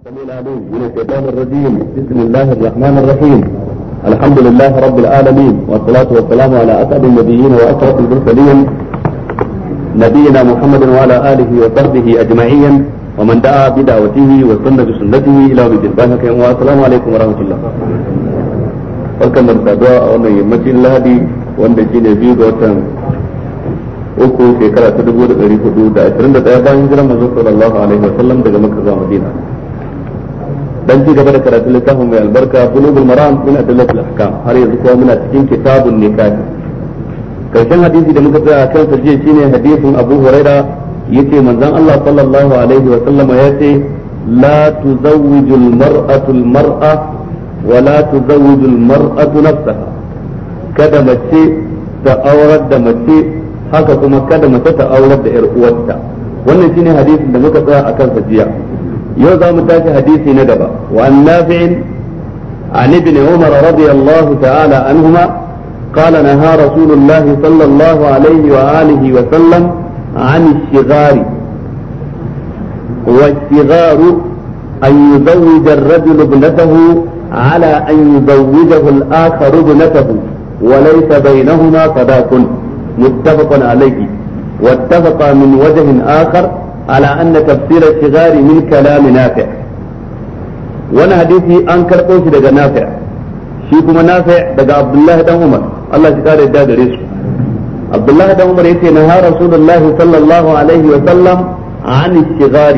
العليم من الشيطان الرجيم بسم الله الرحمن الرحيم الحمد لله رب العالمين والصلاة والسلام على أسعد النبيين وأشرف المرسلين نبينا محمد وعلى آله وصحبه أجمعين ومن دعا بدعوته وسن بسنته إلى يوم الدين بارك والسلام عليكم ورحمة الله barkan da saduwa a wannan yammacin lahadi wanda shi ne biyu ga watan uku shekara ta dubu da ɗari الله عليه وسلم da ɗaya bayan dan ci gaba da karatun littafin mai albarka bulugul maram min adillatil ahkam har yanzu kuma muna cikin kitabun nikah karshen hadisi da muka tsaya kan sa jiya shine hadisin Abu Huraira yace manzon Allah sallallahu alaihi wa sallama yace la tuzawwiju al mara wa la tuzawwiju maratu nafsaha kada mace ta aurar da mace haka kuma kada mace ta aurar da yar uwarta wannan shine hadisin da muka tsaya akan sa jiya يو za mu حديثي ندبا na نافع عن ابن عمر رضي الله تعالى عنهما قال نهى رسول الله صلى الله عليه وآله وسلم عن الشغار والشغار أن يزوج الرجل ابنته على أن يزوجه الآخر ابنته وليس بينهما صداق متفق عليه واتفق من وجه آخر على أن تفسير الصغار من كلام نافع وانا حديثي أنكر قوش دقى نافع شيكم نافع دقى عبد الله بن عمر الله تكاري الداد رزق عبد الله بن عمر يتي نهى رسول الله صلى الله عليه وسلم عن الصغار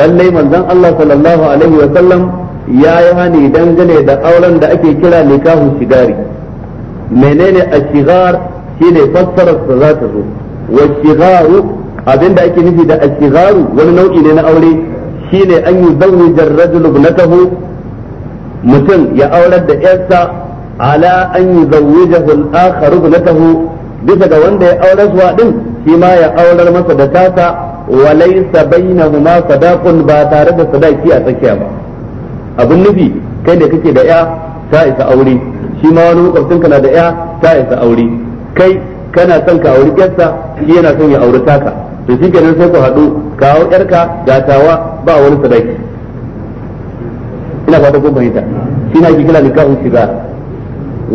lallai manzon Allah sallallahu alaihi wa sallam ya yi hani dangane da auren da ake kira nikahu shigari menene ashigar shine fassara da za ta zo wa shigaru abin da ake nufi da al-sigharu wani nau'i ne na aure shine an yuzawwija ar-rajulu ibnatahu mutum ya aurar da yarsa ala an yuzawwijahu al-akharu ibnatahu bisa ga wanda ya aurar suwa din shi ma ya aurar masa da tasa wa laysa bainahuma sadaqun ba tare da sadaki a tsakiya ba abun nufi kai da kake da ya ta isa aure shi ma wani makwabcinka na da ya ta isa aure kai kana son ka auri yarsa shi yana son ya auri taka to shi kenan sai ku haɗu kawo yarka gatawa ba wani sadaki ina fata ko fahimta shi na ake nikahun shiga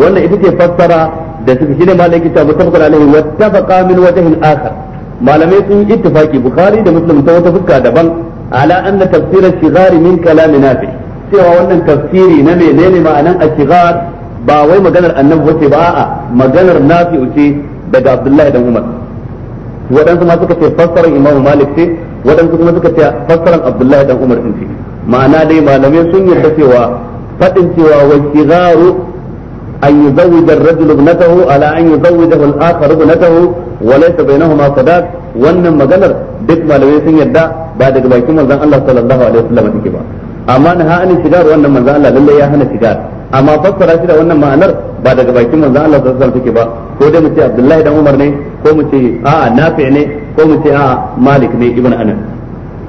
wannan ita ce fassara da suka shi ne malamai kita mutafakar alaihi wattafaqa min wajhin akhar malamai sun yi ittifaki bukhari da muslim ta wata fuska daban ala anna tafsirar shigari min kalamin nafi cewa wannan tafsiri na menene ma'anan ashigar ba wai maganar annabi wace ba a'a maganar nafi'u ce daga abdullahi dan umar waɗansu ma suka ce fassarar imamu malik ce waɗansu kuma suka ce fassarar abdullahi dan umar din ce ma'ana dai malamai sun yarda cewa faɗin cewa wa shigaru an yuzawwija ar-rajulu ibnatahu ala an yuzawwijahu al-akharu ibnatahu wa laysa bainahuma sadaq wannan maganar duk malamai sun yarda ba daga bakin manzon Allah sallallahu alaihi wasallam take ba amma na ha'ani shigar wannan manzon Allah lalle ya hana shigar amma fassara shi da wannan ma'anar ba daga bakin manzon Allah sallallahu alaihi wasallam take ba ko dai mu ce Abdullahi dan Umar ne ko mu ce a'a nafi ne ko mu ce a'a malik ne ibn anas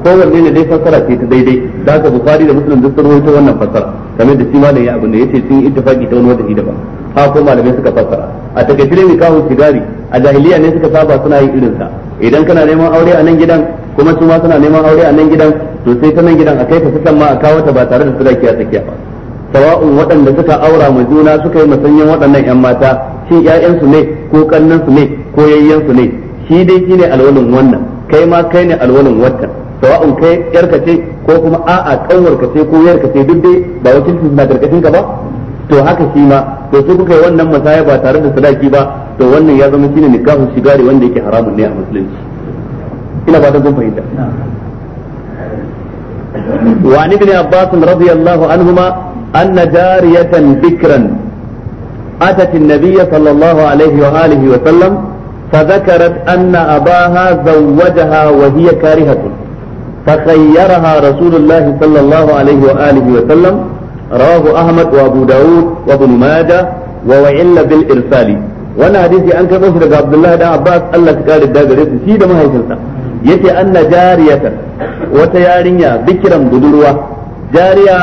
kowanne ne dai fassara ce ta daidai da ka bukari da muslim duk sun rawaito wannan fassara kamar da shi malam ya abin da yace sun ittifaqi ta wani wata daban ha ko malamai suka fassara a takaice ni kawo sigari a jahiliya ne suka saba suna yin irin sa idan kana neman aure a nan gidan kuma su suna neman aure a nan gidan to sai ta nan gidan a kai ta sukan ma a kawo ta ba tare da suka a tsakiya ba sawa'un waɗanda suka aura ma juna suka yi musanyen waɗannan 'yan mata shin 'ya'yansu ne ko kannan su ne ko yayyan su ne shi dai shine alwalin wannan kai ma kai ne alwalin wannan sawa'un kai ka ce ko kuma a'a ka ce ko ka ce duk dai ba su na karkashin ka ba to haka shi ma to su kuka yi wannan masaya ba tare da sadaki ba to wannan ya zama shine nikahu shigari wanda yake haramun ne a musulunci ina ba ta kun fahimta وعن ابن عباس رضي الله عنهما أن جارية بكرا أتت النبي صلى الله عليه وآله وسلم فذكرت أن أباها زوجها وهي كارهة فخيرها رسول الله صلى الله عليه وآله وسلم رواه أحمد وأبو داود وابن ماجه ووعل بالإرسال وانا حديثي أنك نصر عبد الله بن عباس الله تقال الدابر سيدة ما هي yace anna jariyatan wata yarinya bikiran budurwa jariya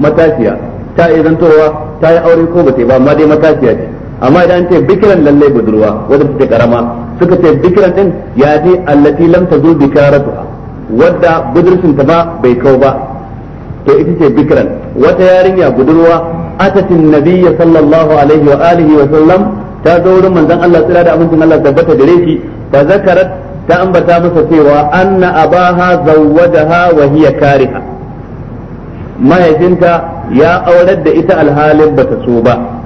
matashiya ta izantowa ta yi aure ko ba ta yi ba amma dai matashiya ce amma idan an ce bikiran lallai budurwa wadda take karama suka ce bikiran din ya ce allati lam tazu bikaratuha wadda budurcin ta ba bai kau ba to ita ce bikiran wata yarinya budurwa atatin nabiyya sallallahu alaihi wa alihi wa sallam ta zo wurin manzon Allah tsira da amincin Allah tabbata gare shi fa zakarat ta ambata masa cewa anna abaha zawwajaha wa hiya kariha mahaifinta ya aurar da ita alhalin bata so ba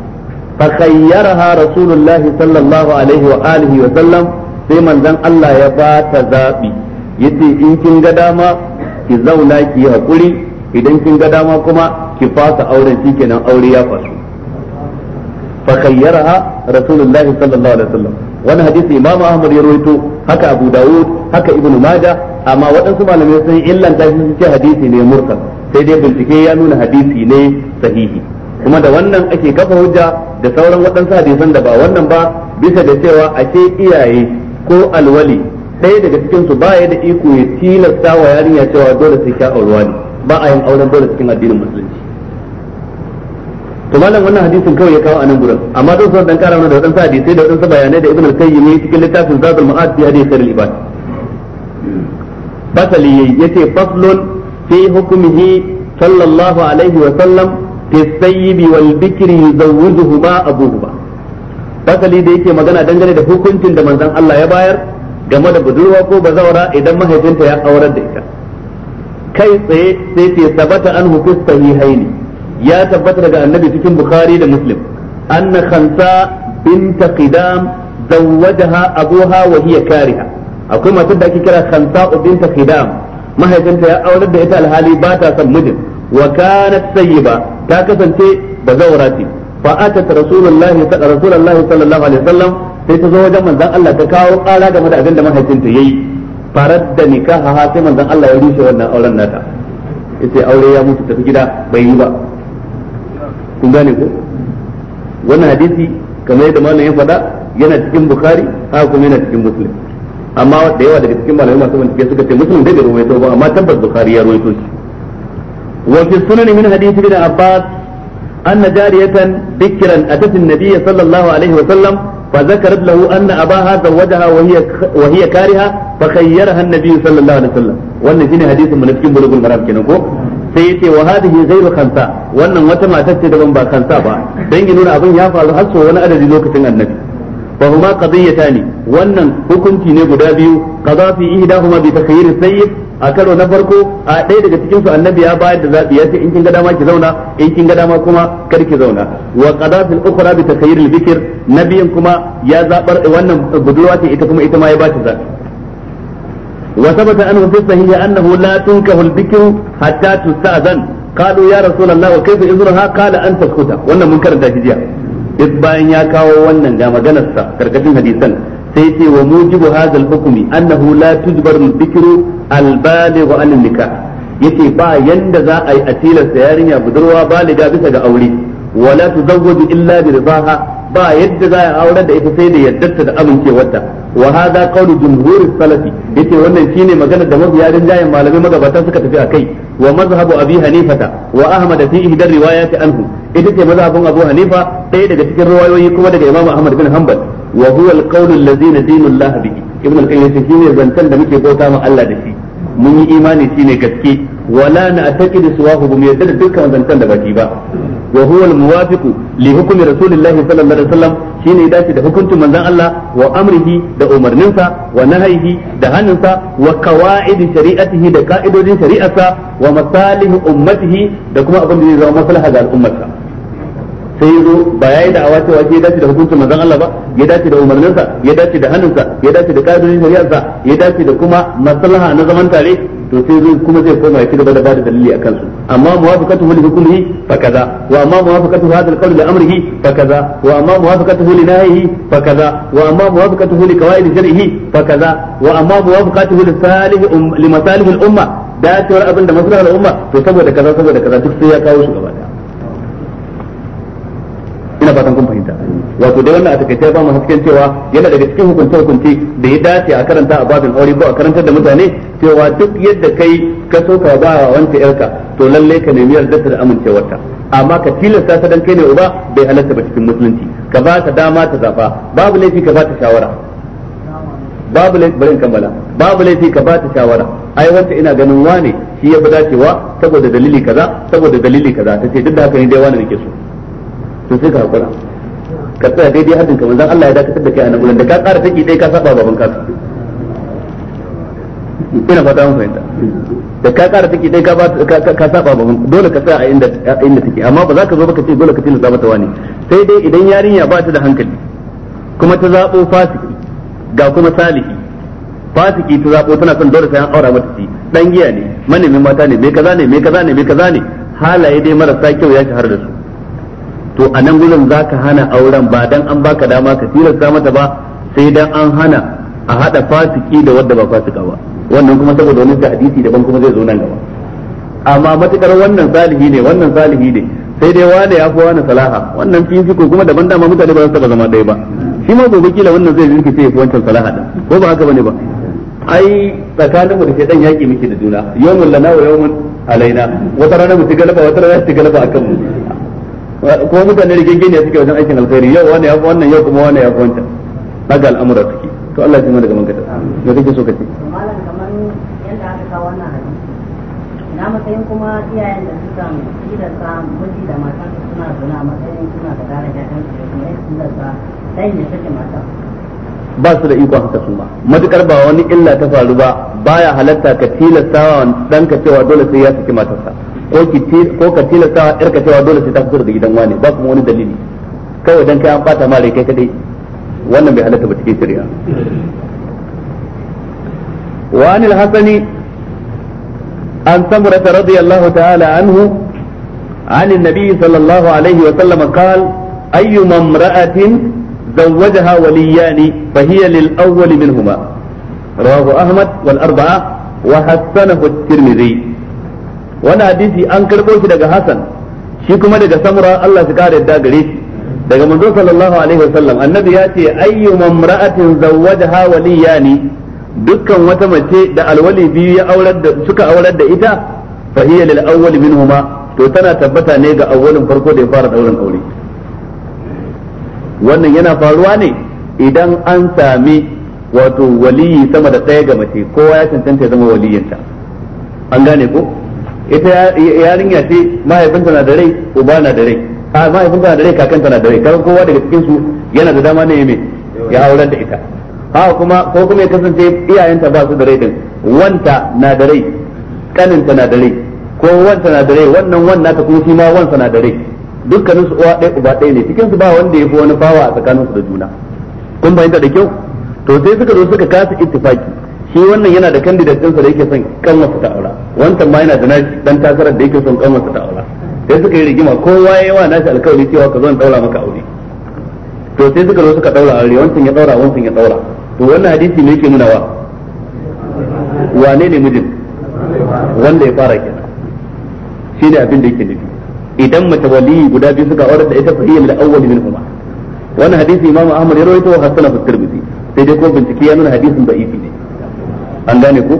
fa khayyaraha sallallahu alaihi wa alihi wa sallam sai manzon Allah ya ba ta zabi yace in kin ga dama ki zauna ki yi hakuri idan kin ga dama kuma ki fasa auren shikenan aure ya fasu fa khayyaraha sallallahu alaihi wa sallam wani hadisi imamu ahmad ya rawaito haka abu dawud haka ibnu majah amma waɗansu malamai sun illanta shi suke hadisi ne mursal sai dai bincike ya nuna hadisi ne sahihi kuma da wannan ake kafa hujja da sauran waɗansu hadisan da ba wannan ba bisa da cewa ake iyaye ko alwali ɗaya daga cikin su baya da iko ya tilasta wa yarinya cewa dole sai ka aure ba a yin auren dole cikin addinin musulunci to malam wannan hadisin kawai ya kawo a nan gurin amma don son dan kara wani da waɗansu hadisai da waɗansu bayanai da ibn al ne cikin littafin zadul ma'ad fi hadisi al-ibad fasali yace faslun في حكمه صلى الله عليه وسلم في السيب والبكر يزوجهما أبوهما fasali da yake magana dangane da hukuncin da manzon Allah ya bayar game da budurwa ko bazawara idan mahaifinta ya aurar da ita kai tsaye sai ce sabata an hukus sahihaini ya tabbata daga annabi cikin bukhari da muslim anna khamsa binta qidam zawwajaha abuha wa ya kariha akwai matar da ake kira khamsa binta qidam mahaifinta ya aurar da ita alhali ba ta son mijin wa kanat sayyiba ta kasance ba zaura ce fa atat rasulullahi rasulullahi sallallahu alaihi wasallam sai ta zo wajen manzon Allah ta kawo kara game da abin da mahaifinta yayi farar da nikaha sai manzon Allah ya rushe wannan auren nata yace aure ya mutu tafi gida bai yi ba kun gane ko wannan hadisi kamar yadda malamin ya faɗa yana cikin bukhari haka kuma yana cikin muslim amma da yawa daga cikin malamai masu bincike suka ce muslim bai rawaito ba amma tabbas bukhari ya rawaito shi wa fi sunan min hadith ibn abbas anna jariyatan dhikran atat an-nabiy sallallahu alaihi wa sallam fa zakarat lahu anna abaha zawajaha wa hiya wa hiya kariha fa khayyaraha an-nabiy sallallahu alaihi wa sallam wannan shine hadisin mun cikin bulugul maram kenan ko sai yace wa hadhihi ghayru khamsa wannan wata matar ce daban ba kansa ba dan ya nuna abin ya faru har so wani adadi lokacin annabi ka zayyata ni wannan hukunci ne guda biyu qada fi ihdahuma bi a karo na farko a ɗaya daga cikin su annabi ya bayar da zaɓi ya ce in kin ga dama ki zauna in kin ga dama kuma kar ki zauna wa qada fil ukhra bi takhyir al bikr nabiyin kuma ya zabar wannan budurwa ce ita kuma ita ma ya ba ta zabi wa sabata anhu fi sahihi annahu la tunkahu al bikr hatta tusta'zan قالوا يا رسول الله وكيف إذنها قال أن تسكت وأن منكر jiya. duk bayan ya kawo wannan ga maganarsa karkashin hadisan sai ce wa mujibu hazal hukumi annahu la tujbar dhikru al baligh an nikah yace ba yanda za a yi atilasta yarinya budurwa baliga bisa ga aure wala tuzawwaju illa bi ridaha ba yadda za a aurar da ita sai da yardarta da amincewarta wa hadha qawlu jumhur salafi yace wannan shine magana da mabiya rinjayen malamai magabata suka tafi akai wa mazhabu abi hanifata wa ahmad fi ihdar riwayati anhu ita ce mazhabin Abu Hanifa ɗaya daga cikin riwayoyi kuma daga Imam Ahmad bin Hanbal wa huwa al-qawl alladhi dinullah bihi ibn al-qayyim yace shine da muke bauta ma Allah da shi mun yi imani ne gaske wala na ataqid suwahu bi yadda dukkan zancen da baki ba wa huwa al-muwafiq li hukmi rasulillah sallallahu alaihi wasallam shine ya dace da hukuncin manzon Allah wa amrihi da umarninsa wa nahyihi da hannunsa wa qawaid shari'atihi da ka'idodin shari'arsa wa masalih ummatihi da kuma abin da zai zama maslaha ga al'ummarsa sai yazo ba yayi da awace wace ya dace da hukuncin manzon Allah ba ya dace da umarninsa ya dace da hannunsa ya dace da ka'idodin shari'arsa ya dace da kuma maslaha na zaman tare to sai zai kuma zai koma ya ci da bada dalili akan su amma muwafaqatuhu li hukmihi fa kaza wa amma muwafaqatuhu hadha al-qawl li amrihi fa kaza wa amma muwafaqatuhu li nahyihi fa kaza wa amma muwafaqatuhu li qawaid shar'ihi fa kaza wa amma muwafaqatuhu li salih um, li masalih al-umma dacewar abin da maslahar al-umma to saboda kaza saboda kaza duk sai ya kawo su gaba daya ina fatan kun fahimta wato da wannan a takaice ba mu hasken cewa yana daga cikin hukunce hukunci da ya dace a karanta a babin aure ko a karantar da mutane cewa duk yadda kai ka so ka ba wanda yarka to lalle ka nemi yardarta da amincewarta amma ka tilasta ta dan kai ne uba bai halarta ba cikin musulunci ka ba ta dama ta zafa babu laifi ka ba ta shawara babu laifi bari kammala babu laifi ka ba ta shawara ai wanda ina ganin wane shi ya fi dacewa saboda dalili kaza saboda dalili kaza tace duk da haka ne dai wani nake so to sai ka hakura ka tsaya daidai hadin ka manzon Allah ya dakatar da kai a nan gurin da ka ƙara take dai ka saba baban ka ina fata mun fahimta da ka ƙara take dai ka saba baban dole ka tsaya a inda inda take amma ba za ka zo ba ka ce dole ka tilasta ta wani sai dai idan yarinya ba ta da hankali kuma ta zabo fasiki ga kuma salihi fasiki ta zabo tana son dole sai an aura mata ci dan giya ne manemin mata ne mai kaza ne mai kaza ne mai kaza ne halaye dai marasa kyau ya shahara da su to a nan gudun za ka hana auren ba dan an baka dama ka tilasta mata ba sai dan an hana a hada fasiki da wadda ba fasika ba wannan kuma saboda wani hadisi daban kuma zai zo nan gaba amma matukar wannan salihi ne wannan salihi ne sai dai wane ya fi wani salaha wannan fi ko kuma daban dama mutane ba za su taba zama ɗaya ba shi ma gobe kila wannan zai rinki sai ya fi wancan salaha din ko ba haka bane ba ai tsakanin mu da dan yaki muke da juna yawmun lana wa yawmun alaina wata rana mu ci galaba wata rana ci galaba akan mu kuma mutane da ne suke wajen aikin alkhairi yau wani ya wannan yau kuma wani ya fi wancan daga al'amura suke to Allah ya daga mankata da kake so kace malam kaman yanda aka kawo wannan hadisi na matsayin kuma iyayen da suka yi da sa miji da mata suna zuna matsayin suna da daraja dan su kuma su da sa dai ne take mata ba su da iko haka su ma matukar ba wani illa ta faru ba baya halatta ka tilasta tilastawa danka cewa dole sai ya saki matarsa ko ka tilasta wa yarka cewa dole sai ta fito da gidan wani ba kuma wani dalili kawai dan kai an bata ma rai kai kadai wannan bai halatta ba cikin shari'a wa anil hasani an samura radiyallahu ta'ala anhu عن النبي صلى الله عليه وسلم قال أيما امرأة زوجها وليان فهي للأول منهما رواه أحمد والأربعة وحسنه الترمذي wani hadisi an karɓo shi daga Hassan shi kuma daga Samura Allah shi kare da gare shi daga manzo sallallahu alaihi wasallam annabi ya ce ayyu mamra'atin zawwajaha waliyani dukkan wata mace da alwali biyu ya aurar da suka aurar da ita fa hiya lil awwal minhuma to tana tabbata ne ga awwalin farko da ya fara ɗaurin aure wannan yana faruwa ne idan an sami wato waliyi sama da ɗaya ga mace kowa ya cancanta ya zama waliyinta an gane ko ita yarinya ce mahaifinta na da rai uba na da rai a mahaifinta na da rai kakanta na da rai kawai kowa daga cikin su yana da dama ne me ya auren da ita ha kuma ko kuma ya kasance iyayenta ba su da rai din wanta na da rai kaninta na da rai ko wanta na da rai wannan wannan ta kuma shi ma wansa na da rai dukkanin su uwa ɗaya uba ɗaya ne cikin su ba wanda ya fi wani bawa a tsakanin su da juna kun bayyana da kyau to sai suka zo suka kasa ittifaki shi wannan yana da candidate ɗinsa da yake son kanwarsa ta aura wancan ma yana da nashi dan takarar da yake son kanwarsa ta aura sai suka yi rigima kowa ya yawa nashi alkawari cewa ka zo in daura maka aure to sai suka zo suka daura aure wancan ya daura wancan ya daura to wannan hadisi ne yake nuna wa wane ne mijin wanda ya fara kenan shi ne abin da yake nufi idan mace wali guda biyu suka aure da ita fa hiya al-awwal minhuma wannan hadisi imamu ahmad ya rawaito wa hasan fi tirmidhi sai dai ko bincike ya nuna hadisin da'ifi ne an gane ko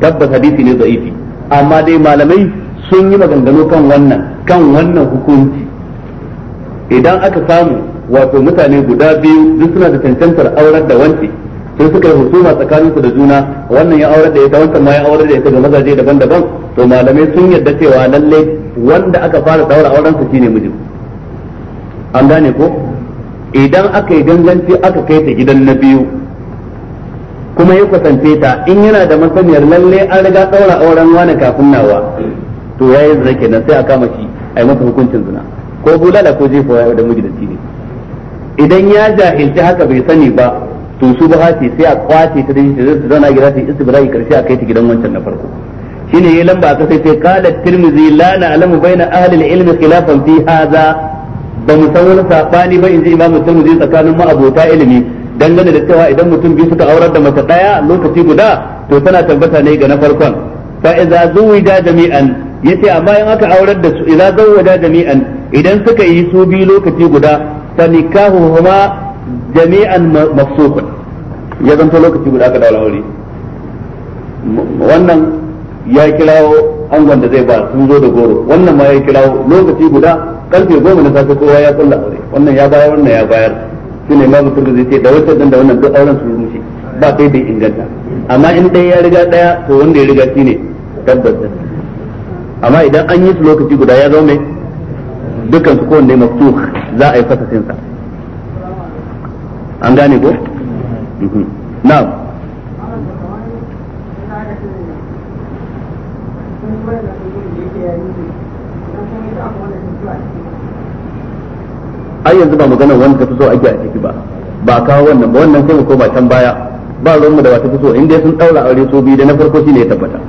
tabbas hadisi ne da'ifi amma dai malamai sun yi maganganu kan wannan kan wannan hukunci idan aka samu wato mutane guda biyu duk suna da cancantar aurar da wanci sai suka yi husuma tsakanin su da juna wannan ya aurar da ita wancan ma ya aurar da ita da mazaje daban-daban to malamai sun yarda cewa lalle wanda aka fara daura auren su shine mijin an gane ko idan aka yi ganganci aka kai ta gidan na biyu kuma ya kusance ta in yana da masaniyar lalle an riga daura auren wani kafin nawa to yayi zina kenan sai a kama shi a yi masa hukuncin zina ko bulala ko jefa da da ne idan ya jahilci haka bai sani ba to su ba sai a kwace ta dinshi zai zauna gida ta istibra'i karshe a kai ta gidan wancan na farko shine yayi lamba aka sai sai qala tirmizi la na'lamu baina ahli al-ilmi khilafan fi hadha ba mu san wani sabani ba inji imamu tirmizi tsakanin ma'abota ilimi dangane da cewa idan mutum biyu suka aurar da mace daya lokaci guda to tana tabbata ne ga na farkon fa idza zuwija jami'an yace amma in aka aurar da su idza zawwaja jami'an idan suka yi su biyu lokaci guda fa nikahuhuma jami'an mafsukun ya to lokaci guda ka dawo aure wannan ya kirawo angon da zai ba sun zo da goro wannan ma ya kirawo lokaci guda karfe goma na safe kowa ya kulla aure wannan ya bayar wannan ya bayar shi ne ma mutum da zai ce da wata dan da wannan duk auren su mushi ba sai da inganta amma in dai ya riga daya to wanda ya riga shi ne tabbata amma idan an yi su lokaci guda ya zo mai dukkan su kowanne mafsukh za a yi fasasin sa an gane ko mhm. na'am har yanzu ba magana wanda fi so ake a ciki ba ba kawo wannan ba wannan sai mu koma can baya ba ruwan mu da wata fi so inda sun daura aure so biyu da na farko shine ya tabbata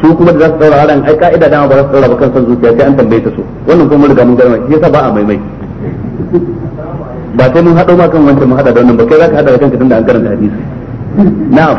su kuma da za su daura auren ai ka'ida dama ba za su daura ba kan san zuciya sai an tambaye ta so wannan kuma mun riga mun gano shi yasa ba a maimai ba sai mun hado ma kan wancan mu hada da wannan ba kai zaka hada da kanka tunda an karanta hadisi na'am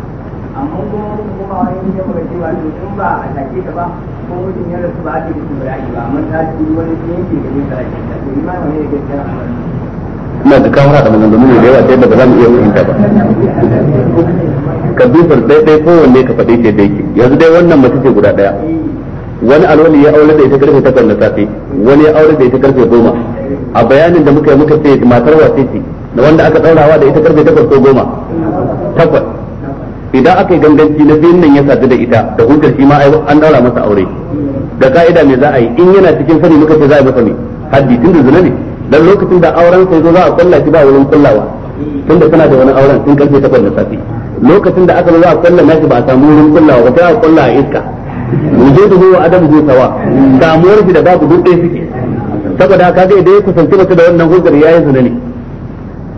amma kuma mutum kuma wani yin da muka cewa to in ba a take ta ba ko mutum ya rasu ba a ce mutum ba ba amma ta ci wani yanki da ne kara ta to ima ne ya gaskiya ina da kawo da maganganu da yawa ta yadda ba za mu iya fahimta ba ka dubar ko wanne ka faɗi ce dai yake yanzu dai wannan mace ce guda ɗaya wani alwali ya aure da ita karfe takwas na safe wani ya aure da ita karfe goma a bayanin da muka yi muka ce matar wace ce da wanda aka ɗaurawa da ita karfe takwas ko goma takwas idan aka yi ganganci na biyun nan ya sadu da ita da hujjar shi ma an daura masa aure da ka'ida me za a yi in yana cikin sani muka ce za a masa me haddi tun da zina ne dan lokacin da auren sai zo za a kulla shi ba wurin kullawa tun da kana da wani auren tun karfe 8 na safe lokacin da aka zo za a kulla nashi ba a samu wurin kullawa ba sai a kulla a iska zuwa adam adamuhu sawa samuwar shi da babu duk ɗaya suke saboda kaga idan ya kusanci mace da wannan hujjar yi zina ne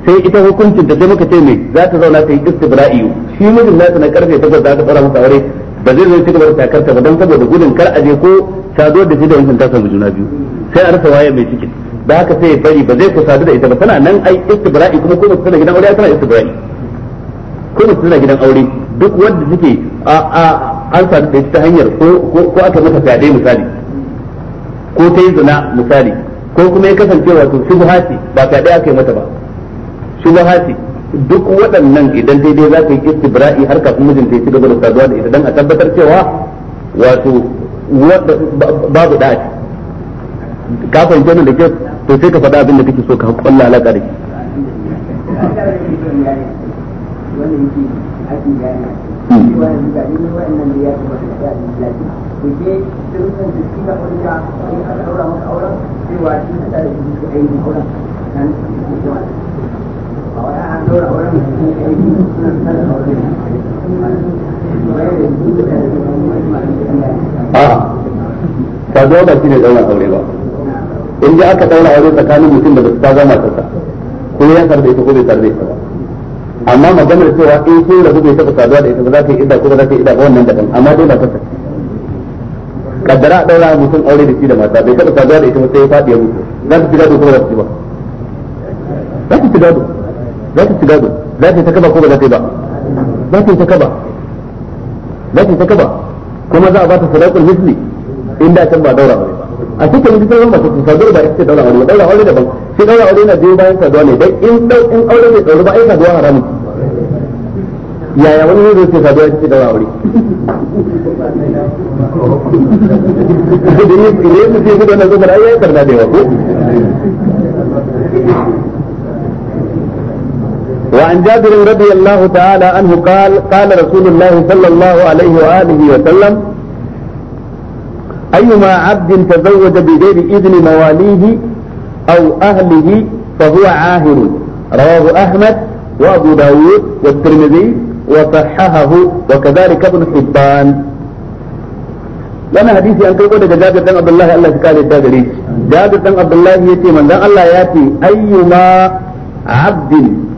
sai ita hukuncin da muka ce mai za ta zauna ta yi istibra'i shi mijin nata na karfe takwas za ta fara masa aure ba zai zo cigaba da takarta ba don saboda gudun kar a je ko saduwar da shi da wancan ta samu juna biyu sai a rasa waye mai ciki ba haka sai ya bari ba zai ku sadu da ita ba tana nan ai istibra'i kuma ko mutum na gidan aure tana istibra'i ko mutum na gidan aure duk wanda suke a a an sadu da ita hanyar ko ko aka mata fyaɗe misali ko ta yi zina misali ko kuma ya kasance wato shubha ce ba fyaɗe aka yi mata ba shubahati duk waɗannan idan daidai za ka yi istibra'i har kafin mijinta ya ci gaba da saduwa da ita dan a tabbatar cewa wato babu da ka fahimta da kyau to sai ka faɗa abin da kake so ka kwalla alaƙa da shi hmm. ka zo ba shi ne daura aure ba in ji aka daura aure tsakanin mutum da ba ta zama ta ko ya sarbe ita ko bai sarbe ita ba amma maganar cewa in sun rabu bai taɓa saduwa da ita ba za ka yi idda ko za ka yi idda ba wannan daban amma dai ba ta sake kaddara a daura mutum aure da shi da mata bai taɓa saduwa da ita ba sai ya faɗi ya mutu za ta fi gado ko ba za ba za ta fi gado za ta ci gado za ta yi ta kaba ko ba za ta yi ba za ta yi ta kaba za ta yi ta kaba kuma za a ba ta sadaqul misli inda can ba daura ba a cikin mutum ba su ba ita daura aure daura aure daban shi daura aure na biyu bayan saduwa ne dan in dau in aure bai daura ba ai saduwa haramun yaya wani yanzu ce saduwa ita daura aure da ne ne ko وعن جابر رضي الله تعالى عنه قال قال رسول الله صلى الله عليه وآله وسلم أيما عبد تزوج بغير إذن مواليه أو أهله فهو عاهر رواه أحمد وأبو داود والترمذي وصححه وكذلك ابن حبان لنا حديث أن تقول daga بن عبد الله الله ya kare جابر بن عبد الله dan Abdullah yace manzon Allah ya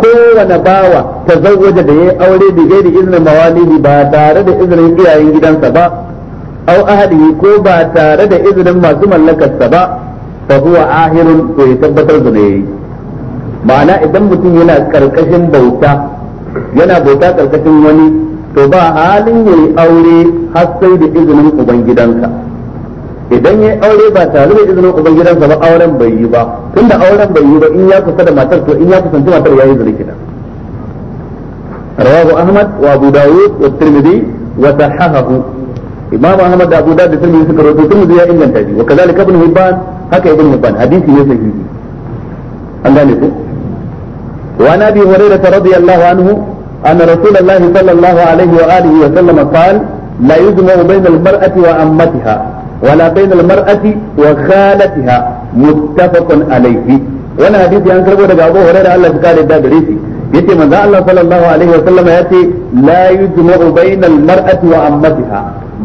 kowane bawa ta waje da ya yi aure da gairi izinin mawalidi ba tare da izinin iyayen gidansa ba au ahadi ko ba tare da izinin masu mallakarsa ba fa huwa ahirun to ya tabbatar da yayi ma'ana idan mutum yana karkashin bauta yana bauta karkashin wani to ba halin yayi aure har sai da izinin ubangidansa idan ya aure ba tare da izinin ubangidansa ba auren bai yi ba tunda auren bai yi ba in ya kusa da matar to in ya kusanci matar ya yi zina kina rawahu ahmad wa abu dawud wa tirmidhi wa sahahahu imam ahmad da abu dawud da tirmidhi suka rawaito tirmidhi ya inganta shi wa kazalika ibn hibban haka ibn hibban hadisi ne sahihi an gane ku. wa nabi hurairah radiyallahu anhu anna rasulullahi sallallahu alaihi wa alihi wa sallam qala la yujma'u bayna al-mar'ati wa ammatiha wala bainal mar'ati wa khalatiha muttafaqun alayhi wannan hadisi an karbo daga Abu Hurairah Allah ya kare da gare shi yace manzo Allah sallallahu alaihi wa sallama yace la yujma'u bainal mar'ati wa ammatiha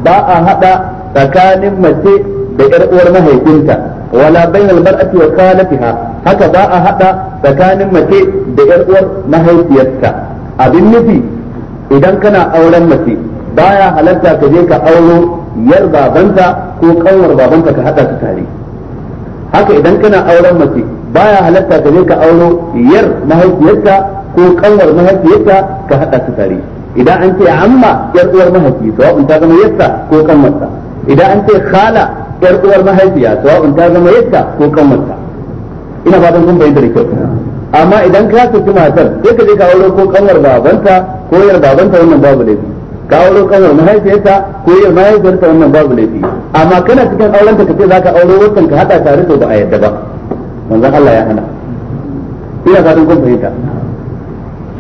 ba a hada tsakanin mace da ƴar uwar mahaifinta wala bainal mar'ati wa khalatiha haka ba a hada tsakanin mace da ƴar uwar mahaifiyarta abin nufi idan kana auren mace baya halarta ka je ka auro yar babanta ko kanwar babanka ka hada su tare haka idan kana auren mace baya halatta ka je ka auro yar mahaifiyarta ko kanwar mahaifiyarta ka hada su tare idan an ce amma yar uwar mahaifi sawa'un ta zama yarsa ko kanwarta idan an ce khala yar uwar mahaifiya sawa'un ta zama yarsa ko kanwarta ina ba kun bayyana da kyau amma idan ka tafi matar sai ka je ka auro ko kanwar babanta ko yar babanta wannan babu laifi ka auro kanwar mahaifiyarta ko yar mahaifiyarta wannan babu laifi amma kana cikin auren ka kace zaka auro wannan ka hada tare to ba a yadda ba manzon Allah ya hana ina fatan kun fahimta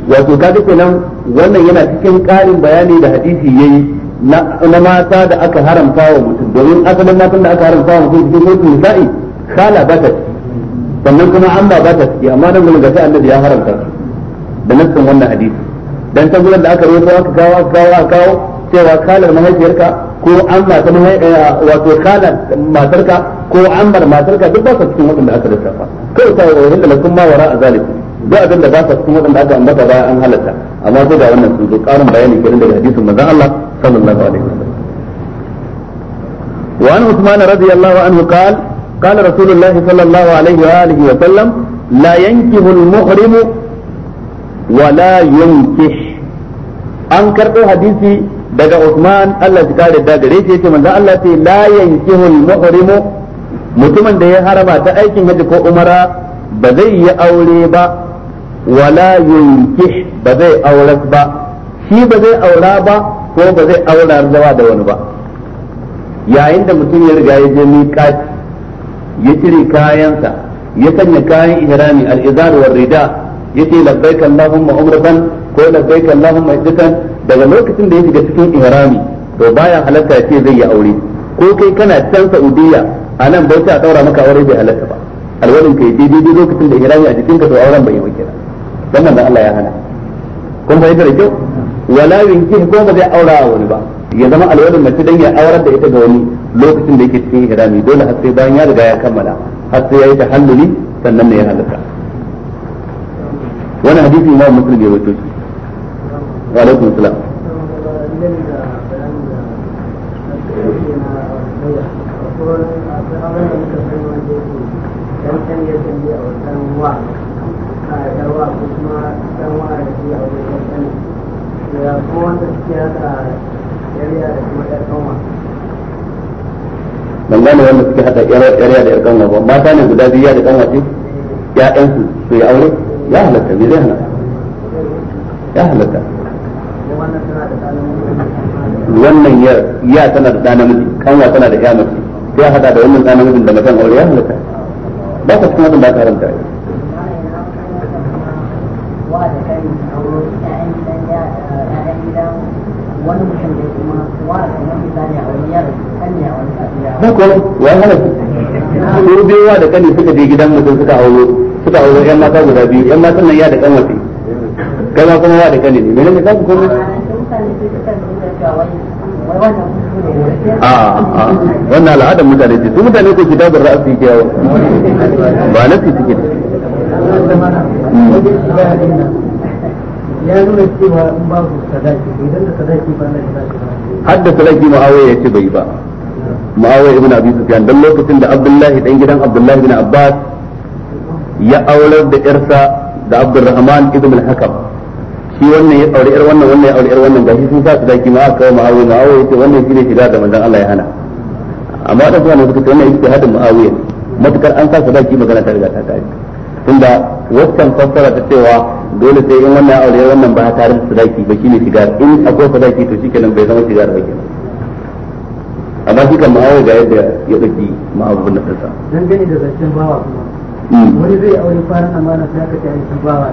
wato kaga kenan wannan yana cikin karin bayani da hadisi yayi na mata da aka haramta wa mutum domin asalin matan da aka haramta wa mutum cikin sautin nisa'i khala ba ta sannan kuma an ba ta ciki amma nan gurin gashi annabi ya haramta da nassin wannan hadisi dan ta da aka rawaito aka kawo aka kawo aka kawo cewa kalar mahaifiyarka ko amma ta eh, wato kalar matarka ko ammar matarka duk ba su cikin waɗanda aka lissafa kai ta wa hinda lakum ma wara azalik duk abin da ba su cikin waɗanda aka ambata baya an halatta amma sai ga wannan sun zo karin bayani kenan daga hadisin manzon Allah sallallahu alaihi wasallam وعن عثمان رضي الله عنه قال قال رسول الله صلى الله عليه وآله وسلم لا ينكه المحرم wala yunkih an karɓo hadisi daga Usman Allah ya kare da gare shi yace manzo Allah ce la yankihul muhrimu mutumin da ya haraba ta aikin haji ko umara ba zai yi aure ba wala yunkih ba zai aure ba shi ba zai aura ba ko ba zai aura zawa da wani ba yayin da mutum ya riga ya je miƙati ya cire kayansa ya sanya kayan ihrami al-izar war rida yace labbaik allahumma umratan ko labbaik allahumma hajjatan daga lokacin da ya shiga cikin ihrami to baya halatta ce zai yi aure ko kai kana can saudiya a nan bauchi a daura maka aure bai halatta ba alwalin kai daidai lokacin da ihrami a jikinka to auren bai yi wakila wannan da Allah ya hana kun fahimta da kyau wala yunkihu ko ba zai aura wani ba ya zama alwalin mace dan ya aurar da ita ga wani lokacin da yake cikin ihrami dole har sai bayan ya riga ya kammala har sai ya yi tahalluli sannan ne ya halatta wani hadisi ma muslim ya rawaito shi wa alaikum salam ban gane wanda suke hada yarya da yarkan ba ta ne guda biyu ya da kanwace ya'yansu su yi aure ya halatta me zai ya halatta wannan ya tana da ɗan namiji ya tana da ya mace sai hada da wannan ɗan namijin da mutan aure ya halatta ba ka cikin abin da aka haramta yi ba kuma wa halatta su biyowa da kani suka je gidan mutum suka aure suka aure yan mata guda biyu yan matan nan ya da kan wasu kai ma kuma ya da kane ne menene kan ku komai a a wannan al'adar mutane ce su mutane ko kitabun ra'asi ke yawo ba nasi suke da hmm. ya nuna cewa in babu sadaki idan da sadaki ba na hadda sadaki ma'awiya ya ce bai ba ma'awiya ibn abi sufyan dan lokacin da abdullahi dan gidan abdullahi bin abbas ya aure da ƴarsa da Abdulrahman ibn al-Hakam shi wannan ya aure ƴar wannan wannan ya aure ƴar wannan gashi sun sa su daki ma aka kawo Muawiya Muawiya yace wannan shine shiga da manzon Allah ya hana amma da kuma suka tana yake hadin Muawiya matukar an sa su daki magana ta riga ta kare tunda wannan fassara ta cewa dole sai in wannan aure wannan ba tare da sadaki ba shine shiga in akwai sadaki to shikenan bai zama shiga ba kenan amma shi kan Muawiya ga yadda ya dauki na sa dan gani da zakin bawa kuma Mm. wani zai aure kwanan amana sai aka ce a yi bawa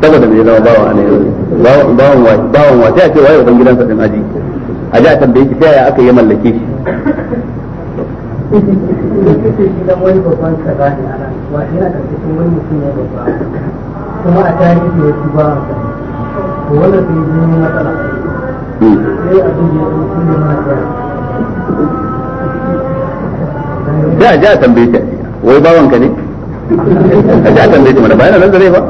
saboda mai zama bawa ne bawan wa sai a ce waye uban gidansa din aji a ji a tambaye shi sai aka yi mallake shi idan kuma a tarihi ne su bawa to sai yi matsala mm. sai abin ya ɗauki ne da ja tambaye shi wai bawan ka ne a ja tambaye shi mana bayan nan da zai ba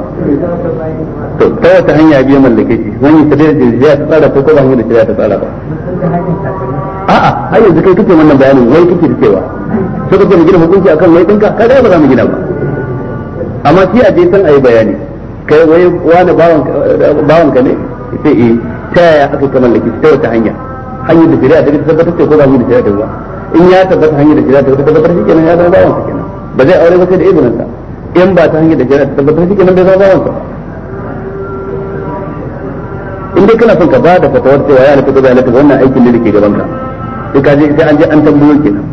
to ta wata hanya biyu mallake shi wani ta da jirgiya ta tsara ko kuma hanyar da tsara ba a'a har yanzu kai kake wannan bayanin wai kake da cewa sai kake mu gina hukunci akan mai dinka dai ba za mu gina ba amma shi a je san ayi bayani kai wai wani bawan bawan ka ne sai eh ta yaya aka kamar laki ta wata hanya hanyar da shirya ta tabbatar ce ko ba mu da shirya ta ba in ya tabbata hanyar da jira ta tabbatar shi kenan ya zama bawan sa kenan ba zai aure ba sai da izininsa in ba ta hanyar da jira ta tabbatar shi kenan bai zama bawan sa in dai kana son ka ba da fatawar cewa ya halatta gaba halatta wannan aikin da ke gaban ka sai ka je sai an je an tambayo kenan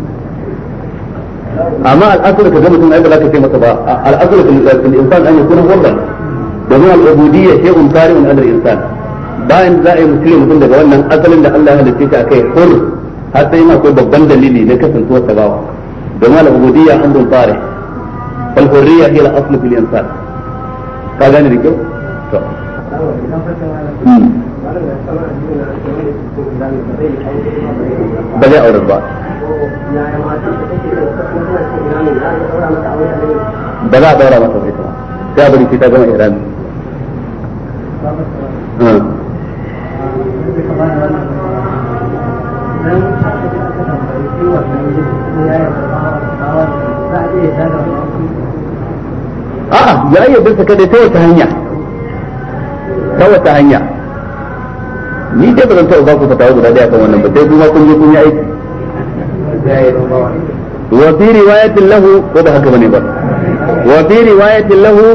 amma al'asar ka ga mutum ai ba za ka ce masa ba al'asar ka da insan an yi yakuna hurran domin al'ubudiyya un tarihin adal insan bayan za a yi mutum mutum daga wannan asalin da Allah ya halitta ka kai hur har sai ina akwai babban dalili na kasancewa ta bawa domin al an don tarih fal hurriyya hiya al-aslu fil insan ka gane da kyau to ba zai aure ba ba za a daura masa bai ta ta bari sai ta gama irani a'a ya yarda kadai ta wata hanya ta wata hanya ni dai ba zan taɓa ba ku fatawa guda daya kan wannan ba sai kuma kun je kun yi aiki wa fi riwayatin lahu ko ba haka bane ba wa fi riwayatin lahu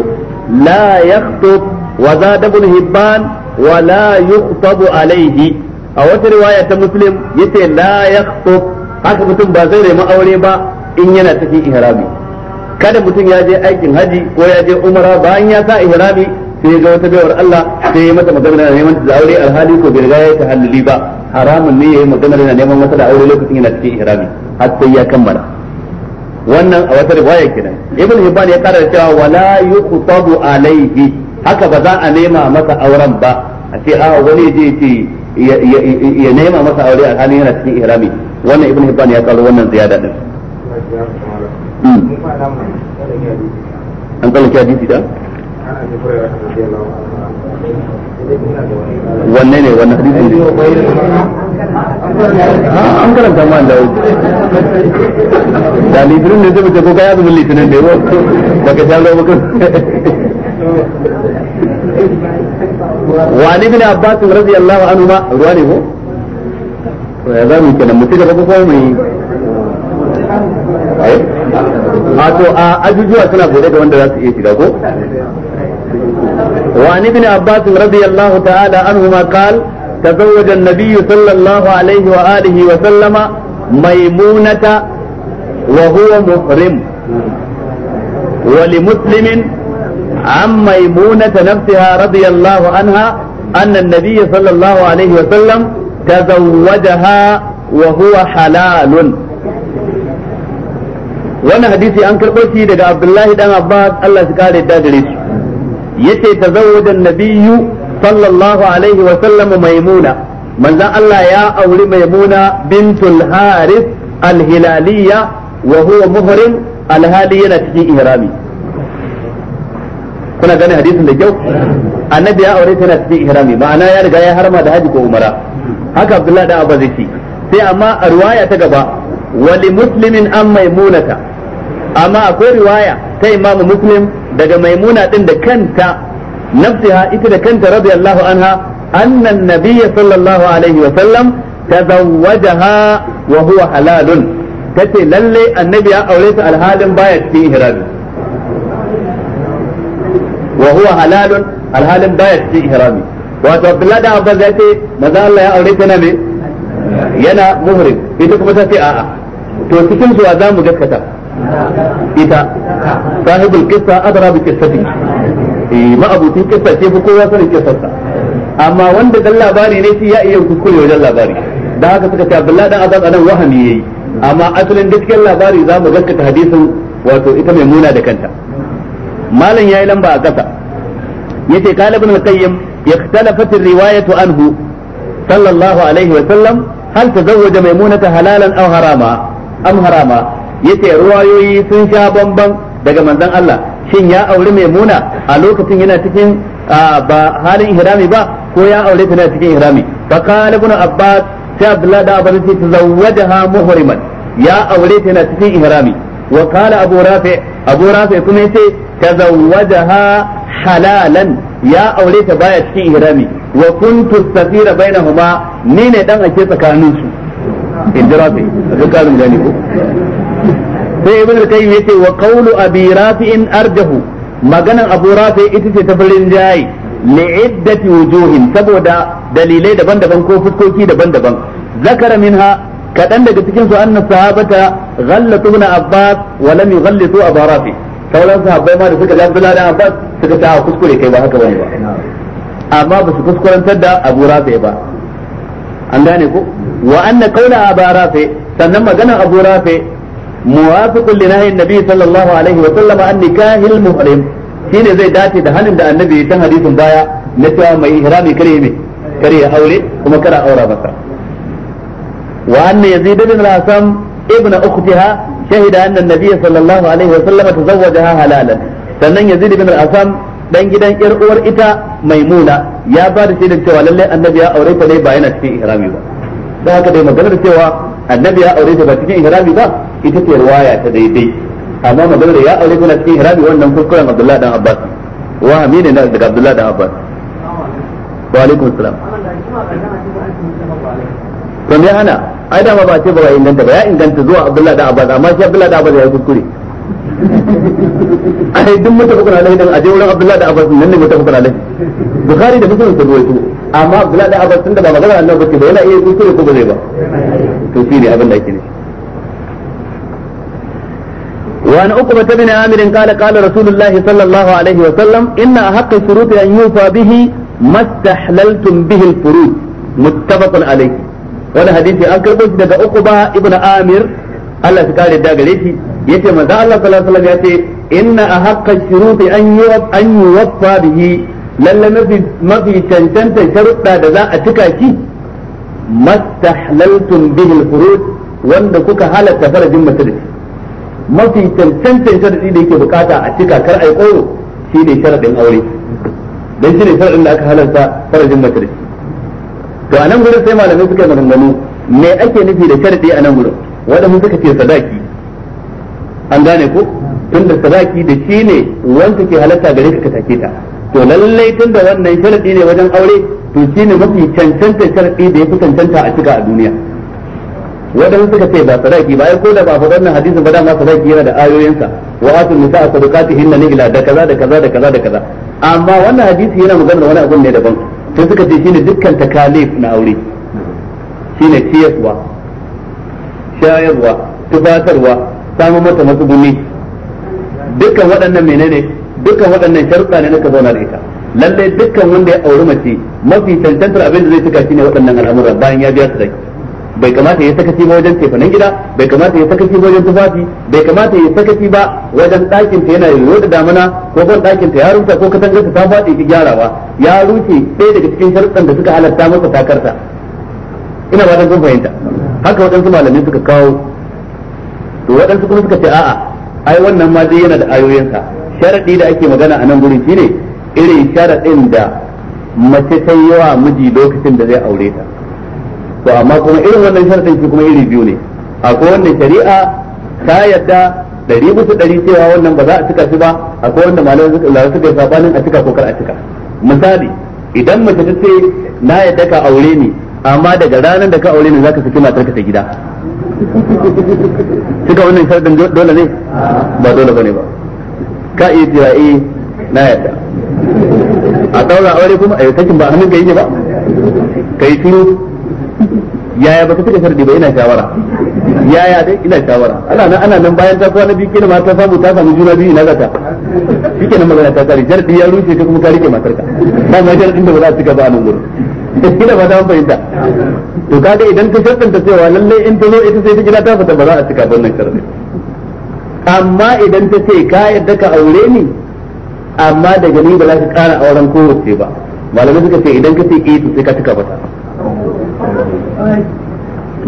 la yakhtub wa zada ibn hibban wa la yukhtabu alayhi a wata riwaya ta muslim yace la yakhtub haka mutum ba zai rema aure ba in yana cikin ihrami kada mutum ya je aikin haji ko ya je umara bayan ya sa ihrami sai ga wata baiwar Allah sai ya mata magana da neman da aure alhali ko bai riga ya halali ba haramun ne yayi magana da neman mata da aure lokacin yana cikin ihrami har sai ya kammala wannan a wata riwaya kenan ibn hibban ya kara cewa wala yuqtabu alayhi haka ba za a nema masa auren ba a ce a wani je ce ya nema masa aure a alhali yana cikin ihrami wannan ibn hibban ya karo wannan ziyada din hmm. an tsallake hadisi da wanne ne wannan hadisi ne an karanta ma da da litinin ne zai ko kaya zumin litinin ne ba ka sha ba kan wa bin abbas radiyallahu anhu ma ruwa ne ko وعن ابن عباس رضي الله تعالى عنهما قال تزوج النبي صلى الله عليه وآله وسلم ميمونة وهو محرم ولمسلم عن ميمونة نفسها رضي الله عنها أن النبي صلى الله عليه وسلم tazawwajaha wa huwa halalun wannan hadisi an karɓo shi daga Abdullahi dan Abbas Allah ya kare da gare shi yace tazawwaja an-nabiyyu sallallahu alaihi wa sallam maimuna manzon Allah ya auri maimuna bintul Haris al-Hilaliyya muhrim yana cikin kuna ganin hadisin da kyau annabi ya aure tana cikin ihrami ma'ana ya riga ya harma da haji ko umara haka abdullahi dan abbas yace sai amma a riwaya ta gaba wali muslimin an maimunata amma akwai riwaya ta imamu muslim daga maimuna din da kanta nafsiha ita da kanta radiyallahu anha annan nabiyya sallallahu alaihi wa sallam tazawwajaha wa huwa halalun tace lalle annabi ya aure ta alhalin baya cikin ihrami wa huwa halalun alhalin baya cikin ihrami wato Abdullahi da Abbas zai ce maza Allah ya aure tana ne yana muhrim ita kuma ta ce a'a to cikin su za mu gaskata ita sahibul qissa adra bi qissati eh ma abutin qissa ce fa kowa sanin qissarsa amma wanda dan labari ne shi ya iya kuskure wajen labari da haka suka ce Abdullahi da Abbas anan wahami yayi amma asalin gaskiyar labari za mu gaskata hadisin wato ita mai muna da kanta malam yayi lamba a kasa yace kalibul qayyim اختلفت الرواية عنه صلى الله عليه وسلم هل تزوج ميمونة حلالا أو حراما أم حراما yace ruwayoyi sun sha bamban daga manzon Allah shin ya auri maimuna a lokacin yana cikin ba halin ihrami ba ko ya aure ta na cikin ihrami fa qala ibn abbas sai abdullah ya aure ta na cikin ihrami wa abu abu yace tazawwajaha halalan ya aure ta baya cikin ihrami wa kuntu safira bainahuma ni ne dan ake tsakanin su in jira gani ko sai ibn al-qayyim yace wa qawlu abi rafi'in arjahu maganan abu rafi ita ce ta farin jayi li iddati wujuhin saboda dalilai daban-daban ko fuskoki daban-daban zakara minha kadan daga cikin su annas sahabata ghallatu ibn abbas wa lam yughallitu abu rafi' sauran sahabbai ma da suka ji Abdullah dan Abbas suka ta a kuskure kai ba haka bane ba amma ba su kuskurantar da Abu Rafi ba an gane ko wa anna qawla Abu Rafi sannan magana Abu Rafi muwafiqun li nahyi nabi sallallahu alaihi wa sallam an nikahil muhrim shine zai dace da hanin da annabi ya san hadisin baya na cewa mai ihrami kare mai kare ya aure kuma kara aura masa wa anna yazid bin al-asam ibn ukhtiha shahida anna nabiyyi sallallahu alaihi wa sallama tazawwajaha halalan sannan yazid bin al dan gidan yar uwar ita maimuna ya ba da shaidar cewa lalle annabi ya aure ta dai ba yana cikin ihrami ba da haka dai maganar cewa annabi ya aure ta ba cikin ihrami ba ita ce riwaya ta daidai amma maganar ya aure ta cikin ihrami wannan kuskuren Abdullahi dan Abbas wa amina na daga Abdullahi dan Abbas wa alaikum salam to me hana? ai da ma ba ce ba ya inganta ba ya inganta zuwa abdullahi da abbas amma shi abdullahi da abbas ya kuskure ai duk mutum mutafakun alaihi dan aje wurin abdullahi da abbas nan ne mutum mutafakun laifin bukari da muslim sun rawaito amma abdullahi da abbas da ba magana annabi bace ba yana iya kuskure ko ba zai ba to shi ne abin da ake ne وعن عقبة بن عامر قال قال رسول الله صلى الله عليه وسلم إن أحق الشروط أن يوفى به ما استحللتم به الفروج متفق عليه wani hadisi an karɓo shi daga ba ibn Amir Allah ya kare da gare shi yace manzo Allah sallallahu alaihi wasallam yace inna ahaqqa shuruti an yuwaf an yuwaffa bihi lalle mafi mafi cancanta sharuɗa da za a tuka shi mastahlaltum bihi al-furud wanda kuka halatta farajin mutum mafi cancanta sharadi da yake bukata a cika kar ai koro shine sharadin aure dan ne sharadin da aka halarta farajin mutum to a nan gurin sai malamai suka yi maganganu me ake nufi da sharadi a nan gurin wanda mun suka ce sadaki an gane ko tunda sadaki da shi ne wanda ke halatta gare ka ka ta to lallai tun da wannan sharadi ne wajen aure to shi ne mafi cancanta sharadi da ya fi cancanta a cika a duniya wadanda suka ce ba sadaki ba ai ko da ba faɗan nan hadisin ba dama sadaki yana da ayoyinsa wa atu nisa sadaqatihinna nihla da kaza da kaza da kaza da kaza amma wannan hadisi yana magana wani abun ne daban sai suka ce shine dukkan takalif na aure shine ciyarwa shayarwa tufatarwa samun mata matsuguni dukkan waɗannan menene dukkan waɗannan sharuɗa ne naka zauna da ita lalle dukkan wanda ya auri mace mafi cancantar abin da zai tuka shine waɗannan al'amura bayan ya biya su daki bai kamata ya sakaci ba wajen tefanen gida bai kamata ya sakaci ba wajen tufafi bai kamata ya sakaci ba wajen ɗakin ta yana yoyo da damana ko ban ɗakin ta ya rufe ko katangar ta faɗi ki gyarawa ya rufe ɗaya daga cikin sharuɗan da suka halatta masa takarta ina ba kun fahimta haka waɗansu malamai suka kawo to waɗansu kuma suka ce a'a ai wannan ma dai yana da ayoyinsa sharaɗi da ake magana a nan gurin shine irin sharaɗin da mace ta yi wa miji lokacin da zai aure ta to amma kuma irin wannan sharadin shi kuma iri biyu ne akwai wanda shari'a ta yadda dari bisa dari cewa wannan ba za a cika shi ba akwai wanda malamai suka lalata suka yi sabanin a cika ko kar a cika misali idan mace ta ce na yadda ka aure ni amma daga ranar da ka aure ni zaka saki ka ta gida cika wannan sharadin dole ne ba dole bane ba ka iya cewa eh na yadda a daura aure kuma a yi sakin ba hannun ga yi ne ba kai shiru yaya ba ka fi kasar ba ina shawara yaya dai ina shawara ana nan ana nan bayan ta na biyu kina ta samu ta samu juna biyu ina zata shikenan magana ta kare sharadi ya rushe ka kuma ka rike ka ba ma sharadin da ba za a cika ba a nan gurin kina ba ta fahimta to kaga idan ka ta cewa lalle in ta zo ita sai ta gida ta fita ba za a cika wannan sharadin amma idan ta ce ka yadda ka aure ni amma daga ni ba za ka kara auren kowace ba malamai suka ce idan ka ce eh to sai ka cika mata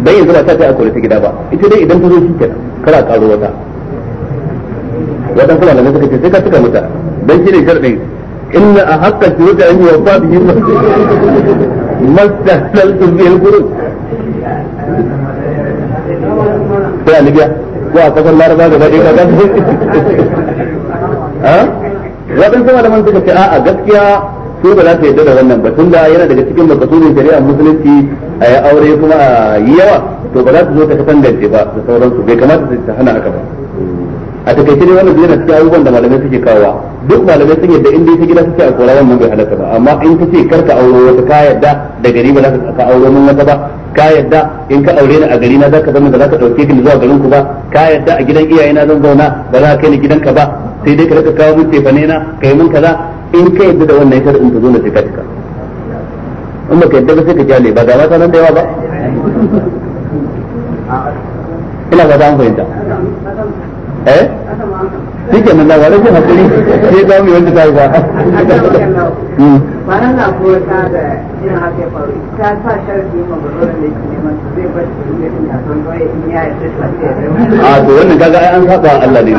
dan yanzu ba ta ta akwai ta gida ba ita dai idan ta zo shi kenan kana karo wata wata malamai da ce sai ka cika mata dan shi ne sharadin inna a haqqa shuruta an yi bihi ba biyu masta saltun biyar gurin sai a libya ko a kasar laraba gaba ɗaya ka gani da man suka ce a'a gaskiya su ba za ta yarda da wannan ba tun da yana daga cikin makasudin shari'a musulunci a yi aure kuma a yi yawa to ba za su zo ta katangance ba da sauransu bai kamata su ta hana aka ba a takaice ne wannan yana cikin abubuwan da malamai suke kawowa duk malamai sun yadda in dai ta gida suke a kora wannan bai halaka ba amma in ka ce kar ka auro wata ka yadda da gari ba za ka auro mun wata ba ka yadda in ka aure ni a gari na za ka zama da za ka ɗauke ni zuwa garin ku ba ka yadda a gidan iyaye na zan zauna ba za ka kai ni gidanka ba sai dai ka rika kawo min tefane na kai mun kaza in ka yadda da wannan kar in ka zo na sai ka in baka yadda ba sai ka kyale ba ga mata nan da yawa ba ina ga an fahimta eh dike nan lawa rashin hakuri ke ga mu wanda ta yi ba ba nan na ko ta da irin haka faru ta sa sharfi ma gurbin da ke neman su zai ba shi ne da son waye in ya yarda su a to wannan kaga ai an saba Allah ne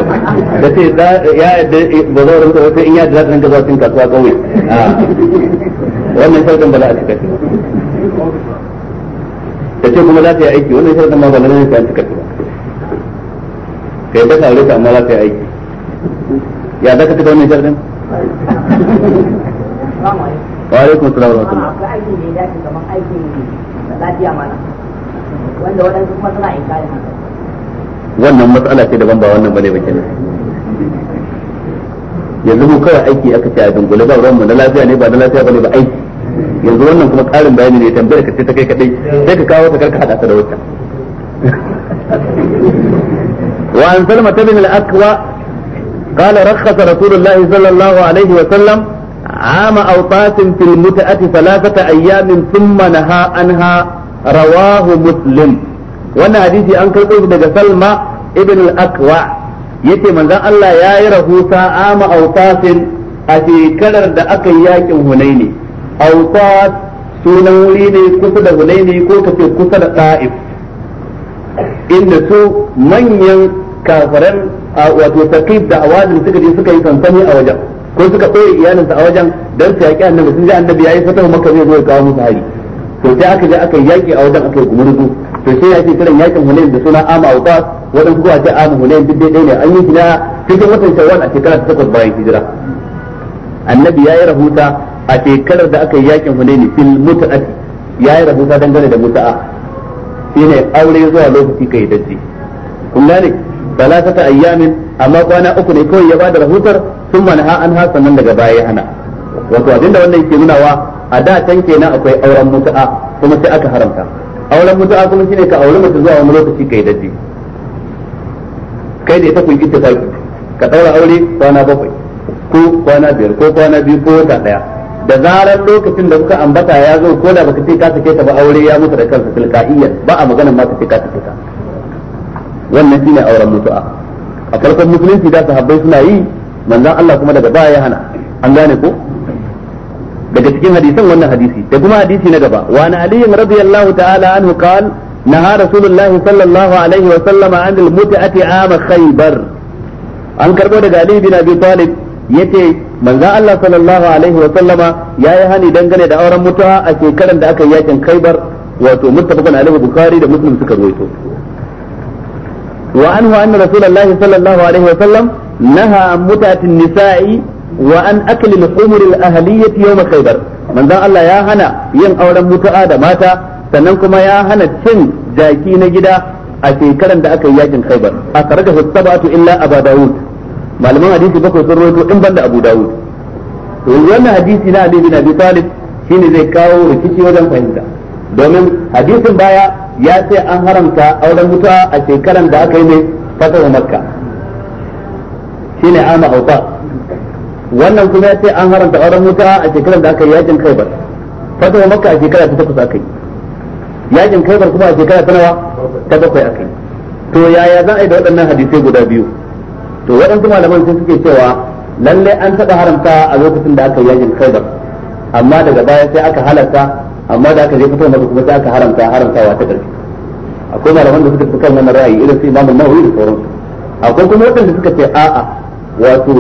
da sai da ya yarda eh, ba zaurin ta wata in ya da zan ga zuwa cikin kasuwa kawai kauye ah. wannan sharadin ba za a cika shi ba ta za ta yi aiki wannan ma na nan cika shi ba daka amma za aiki ya cika wannan wa alaikum salam wa rahmatullah ga aiki ne da aiki lafiya matsala ce daban ba wannan bane ba yanzu mu kawai aiki aka ce a dungule ba ruwan mu na lafiya ne ba na lafiya bane ba aiki yanzu wannan kuma karin bayani ne tambayar ka ce ta kai kadai sai ka kawo ta karka hada ta da wata wa an salma ta bin al-akwa qala rakhasa rasulullah sallallahu alaihi wa sallam عام أوطاس في المتأة ثلاثة أيام ثم نهى عنها رواه مسلم وانا حديثي أنكر daga Salma ibn al yace manzon Allah ya yi rahusa ama awtasin a shekarar da aka yi yakin hunaini awtas sunan wuri ne kusa da hunaini ko kace kusa da ta'if inda su manyan kafiran wato taqib da awadin suka je suka yi sansani a wajen ko suka ɓoye iyalinsa a wajen dan su yaƙi annabi sun ji annabi yayi fatawa maka zai zo ya kawo musu hari to sai aka je aka yaƙi a wajen aka yi gumurzu to sai ya ce kiran yakin hunain da suna ama awtas wadan kuwa ta amu ne duk dai ne an yi shi cikin watan shawwal a shekara ta takwas bayan hijira annabi ya yi rahuta a shekarar da aka yi yakin hunaini fil mut'ati ya yi rahuta dangane da muta'a shine aure zuwa lokaci kai dace kun gane salasata ayyamin amma kwana uku ne kawai ya bada rahutar sun manha an ha sannan daga baya ya hana wato abinda wannan ke nunawa a da can kenan akwai auren mutaa kuma sai aka haramta auren mutaa kuma shine ka aure mace zuwa wani lokaci kai dace kai ne ta kun yi tafaki ka daura aure kwana bakwai ko kwana biyar ko kwana biyu ko wata daya da zarar lokacin da kuka ambata ya zo ko da baka ce ka sake ta ba aure ya mutu da kansa tilkaiya ba a maganar ma ka ce ka sake ta wannan shine auren mutu'a a farkon musulunci da habbai suna yi manzon Allah kuma daga baya ya hana an gane ko daga cikin hadisan wannan hadisi da kuma hadisi na gaba wa na aliyin radiyallahu ta'ala anhu qala نهى رسول الله صلى الله عليه وسلم عن عام خيبر an karbo daga Ali bin Abi Talib yace manzo Allah sallallahu alaihi wa sallama yayi hani dangane da auren mutu'a a shekaran da aka yi yakin kaibar wato muttafaqun alaihi Bukhari da Muslim suka rawaito wa anhu anna Rasulullah sallallahu alaihi wa sallam naha an mutatin nisa'i wa an akli al-humur al-ahliyyah yawm Khaibar manzo Allah ya hana yin auren mutu'a da mata sannan kuma ya hana cin jaki na gida a shekaran da aka yi yakin khaibar a sarrafa hutsabatu illa aba dawud malaman hadisi bakwai sun rawaito in banda abu dawud to wannan hadisi na abin bin abi talib shine zai kawo rikici wajen fahimta domin hadisin baya ya ce an haramta auren mutuwa a shekaran da aka yi ne fatawa makka shine ama hauta wannan kuma ya ce an haramta auren mutuwa a shekaran da aka yi yakin khaibar fatawa makka a shekara ta takwas aka yi yakin khaybar kuma a shekara ta nawa ta bakwai akai to yaya za a yi da waɗannan hadisai guda biyu to waɗansu malaman sun suke cewa lallai an taɓa haramta a lokacin da aka yi yakin khaybar amma daga baya sai aka halarta amma da aka je fito masa kuma sai aka haramta haramtawa ta ƙarfi akwai malaman da suka fi kan wannan ra'ayi irin su Imam Nawawi da sauransu akwai kuma waɗanda suka ce a'a wato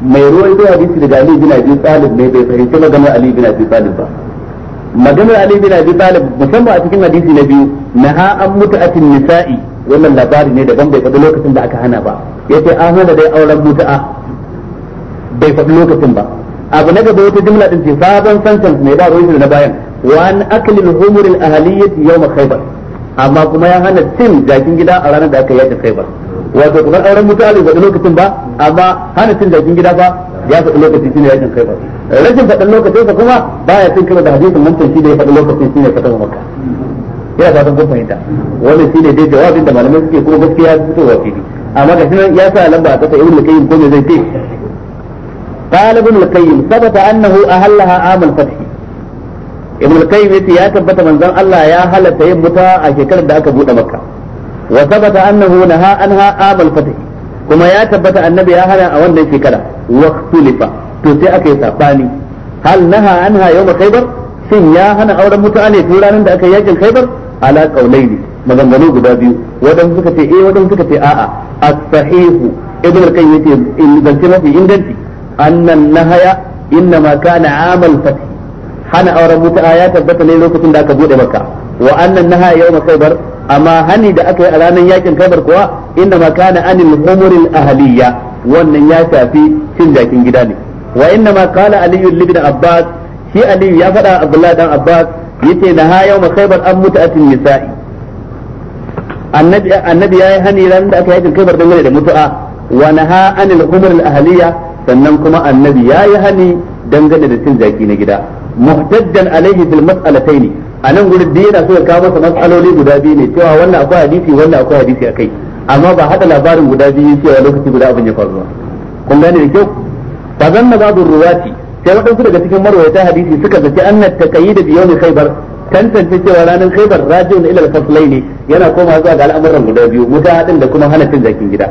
mai ruwan da hadisi daga Ali bin Abi Talib ne bai fahimci maganar Ali bin Abi Talib ba maganar Ali bin Abi Talib musamman a cikin hadisi na biyu naha an mutu'atin nisa'i wannan labari ne daban bai faɗi lokacin da aka hana ba yace an hana dai auren mutu'a bai faɗi lokacin ba abu na gaba wata jumla din ce sabon sentence ne ba ruwan na bayan wa an akli al-humur al-ahliyyah yawm khaybar amma kuma ya hana cin jakin gida a ranar da aka yaƙi khaybar wato kamar auren mutu'a bai faɗi lokacin ba amma hana cin jakin gida ba ya faɗi lokacin shine yakin khaybar rashin faɗin lokacin sa kuma baya cin karo da hadisin mutum shi da ya faɗi lokacin shi ne fatan makka yana fatan kun fahimta wannan shi ne dai jawabin da malamai suke kuma gaskiya fitowa fili amma ga shi ya sa lamba a kasa ibn al-qayyim ko me zai ce قال ابن القيم ثبت انه اهلها عام الفتح ابن القيم ya tabbata manzon Allah ya halatta yin muta a shekarar da aka bude makka wa sabata annahu naha anha amal fatih kuma ya tabbata annabi ya hana a wannan shekara waqtulifa to sai aka yi sabani hal naha anha yawma khaybar shin ya hana auren mutu'a ne tun ranar da aka yi yakin khaybar ala qaulaini maganganu guda biyu wadan suka ce eh wadan suka ce a'a as-sahihu ibn al-qayyim yace in zance mafi inganci annan nahaya ma kana amal fath hana auren mutane ya tabbata ne lokacin da aka bude maka wa annan nahaya yawma khaybar amma hani da aka yi a ranar yakin kabar kuwa inda makana anil humuril ahaliya wannan ya shafi cin jakin gida ne wa inna ma qala ali ibn abbas shi Aliyu ya faɗa abdullah dan abbas yace na ha yau khaybar an muta'atin nisa'i annabi annabi yayi hani ran da aka yakin khaybar dangane da mutu'a wa naha anil umur al sannan kuma annabi yayi hani dangane da cin zaki na gida muhtajjan alaihi fil mas'alataini a nan gurin da yana so ya kawo masa matsaloli guda biyu ne cewa wannan akwai hadisi wannan akwai hadisi kai amma ba hada labarin guda biyu cewa lokaci guda abin ya faru ba kun gane da kyau fa zanna ba'd ruwati sai wadansu daga cikin marwayata hadisi suka zaci annat taqayyid bi yawmi khaybar tantance cewa ranar khaybar rajiun ila al-faslain ne yana koma zuwa ga al'amuran guda biyu mutahadin da kuma hana cin zakin gida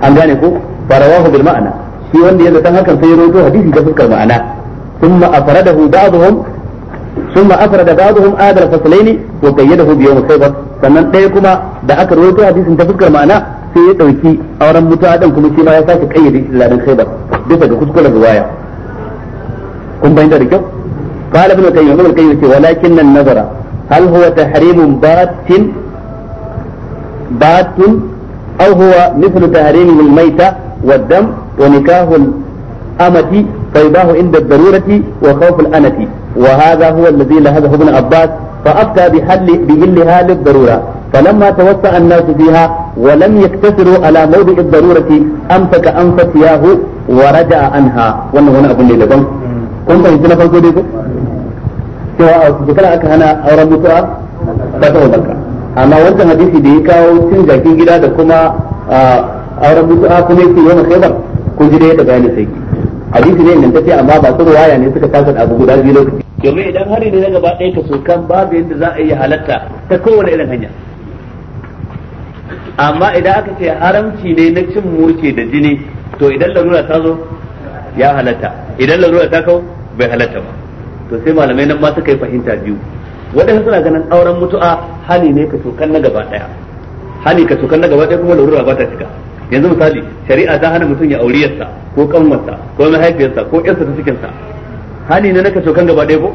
an gane ko farawahu bil ma'ana shi wanda ya zata hakan sai ya rawaito hadisi da fuskar ma'ana thumma afradahu ba'dhum ثم أفرد بعضهم هذا الفصلين وقيده بيوم خيبر sannan ɗaya kuma da aka rawaito hadisin ta fuskar ma'ana sai ya dauki auren mutuwa ɗan kuma shi ma ya sake ƙayyade shi ladan ba bisa ga kuskuren riwaya kun bayyana da kyau qala ibn qayyim ibn qayyim yace walakin nan nazara hal huwa tahrimun batin batin aw huwa mithlu tahrimil mayta wad-dam wa nikahul amati فيباه عند الضرورة وخوف الأنة وهذا هو الذي لهذه ابن عباس فأفتى بحل بإلها للضرورة فلما توسع الناس فيها ولم يقتصروا على موضع الضرورة أمسك عن فتياه ورجع عنها wannan wani abu ne daban kun fahimci na farko dai ko cewa a shekara aka hana auren mutuwa ba ta wadaka amma wancan hadisi da ya kawo cin jakin gida da kuma auren mutuwa kuma yake yawan khaibar kun ji dai da amma ba su ruwaya ne suka kasa abu guda biyu lokaci domin idan hari ne na gaba ɗaya kaso kan babu yadda za a yi halatta ta kowane irin hanya amma idan aka ce haramci ne na cin mushe da jini to idan larura ta zo ya halatta idan larura ta kau bai halatta ba to sai malamai nan ma suka yi fahimta biyu waɗansu suna ganin auren mutu'a hali ne ka tokan na gaba ɗaya hali ka tokan na gaba ɗaya kuma larura ba ta shiga yanzu misali shari'a ta hana mutum ya auri yarsa ko kanwarsa ko mahaifiyarsa ko yarsa ta cikinsa hali ne na ka tokan gaba ɗaya ko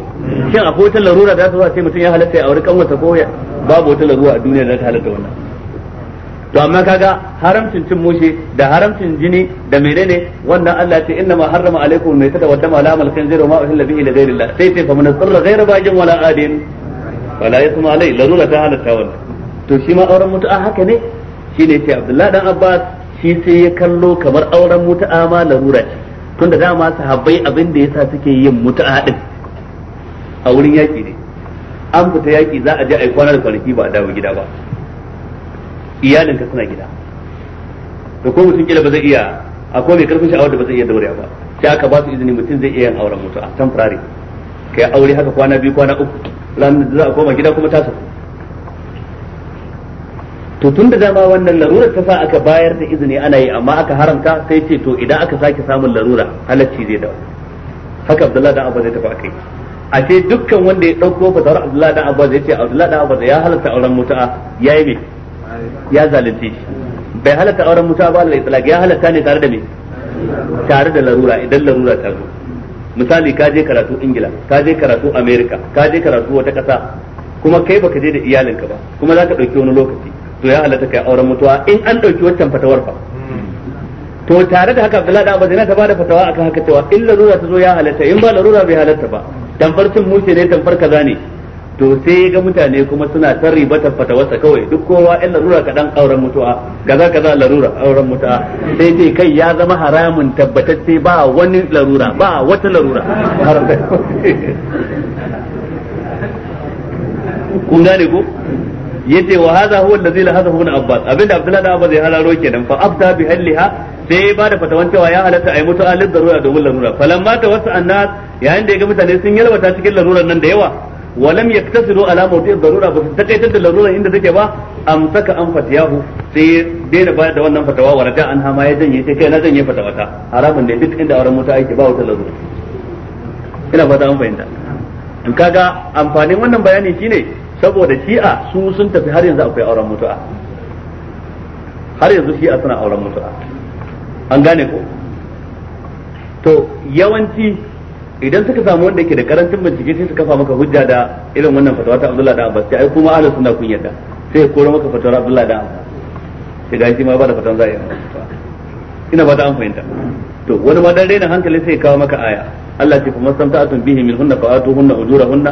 shin akwai wata larura da ta zo a ce mutum ya halatta ya auri kanwarsa ko babu wata larura a duniya da ta halatta wannan to amma kaga haramcin cin mushe da haramcin jini da menene wannan Allah ce inna ma harrama alaikum mai tada wata mala mal khinzir wa ma uhilla bihi li Allah sai sai fa mun sirra ghaira bajin wala adin wala yasma alai larura ta halatta wannan to shi ma auren mutu'a haka ne shi ne sai Abdullah dan Abbas shi sai ya kallo kamar auren mutu'a ma larura ce tunda dama sahabbai abin da yasa suke yin mutu'a din a wurin yaki ne an fita yaki za a je a yi kwana da kwanaki ba a dawo gida ba iyalinka suna gida da ko mutum kila ba zai iya a, ko mai karfin sha'awar da ba zai iya daure ba sai aka ba su izini mutum zai iya yin auren mutu a temporary kai aure haka kwana biyu kwana uku ranar da za a koma gida kuma ta saku to tun da dama wannan larurar ta sa aka bayar da izini ana yi amma aka haramta sai ce to idan aka sake samun larura halacci zai dawo haka abdullahi dan abba zai tafi akai a ce dukkan wanda ya dauko fatawar abdullahi dan abba zai ce abdullahi dan abba ya halatta auren mutu'a yayi me ya zalunce shi bai halatta auren mutuwa ba alal itlaq ya halatta ne tare da me tare da larura idan larura ta zo misali ka je karatu ingila ka je karatu america ka je karatu wata kasa kuma kai baka je da iyalinka ba kuma zaka dauki wani lokaci to ya halatta kai auren mutuwa in an dauki waccan fatawar fa to tare da haka Abdullahi da Abazina ta bada fatawa akan haka cewa in larura ta zo ya halatta in ba larura bai halatta ba tamfar cin mushe ne tamfar kaza ne to sai ga mutane kuma suna ta fata wasa kawai duk kowa ɗan larura kaɗan auren mutuwa kaza kaza larura auren mutuwa sai ce kai ya zama haramun tabbatacce ba wani larura ba wata larura kun gane ko yace wa hadha huwa allazi la hadha ibn abbas abinda abdullahi da abbas ya halaro kenan fa afta bi halliha sai ba bada fatawan cewa ya halatta ayi mutu'a lil darura domin larura falamma wasu annas yayin da ya ga mutane sun yalwata cikin laruran nan da yawa walam yaktasiru ala mawdi'i darura ba su takaitar da larura inda take ba amsaka an fatiyahu sai daina bayar da wannan fatawa wa raja an hama ya janye sai kai na janye fatawata haramun ne duk inda auren mota yake ba wata larura ina fata an fahimta in kaga amfanin wannan bayani shine saboda shi'a su sun tafi har yanzu akwai auren mota har yanzu shi'a suna auren mota an gane ko to yawanci idan suka samu wanda yake da karancin bincike sai su kafa maka hujja da irin wannan fatawa ta Abdullahi da Abbas sai ai kuma ahlus sunna kun yarda sai koro maka fatawar Abdullahi da Abbas sai ga shi ma ba da fatan zai ina ba ta an fahimta to wani ma dan raina hankali sai kawo maka aya Allah ce kuma samta'atun bihi min hunna fa hunna ujurahunna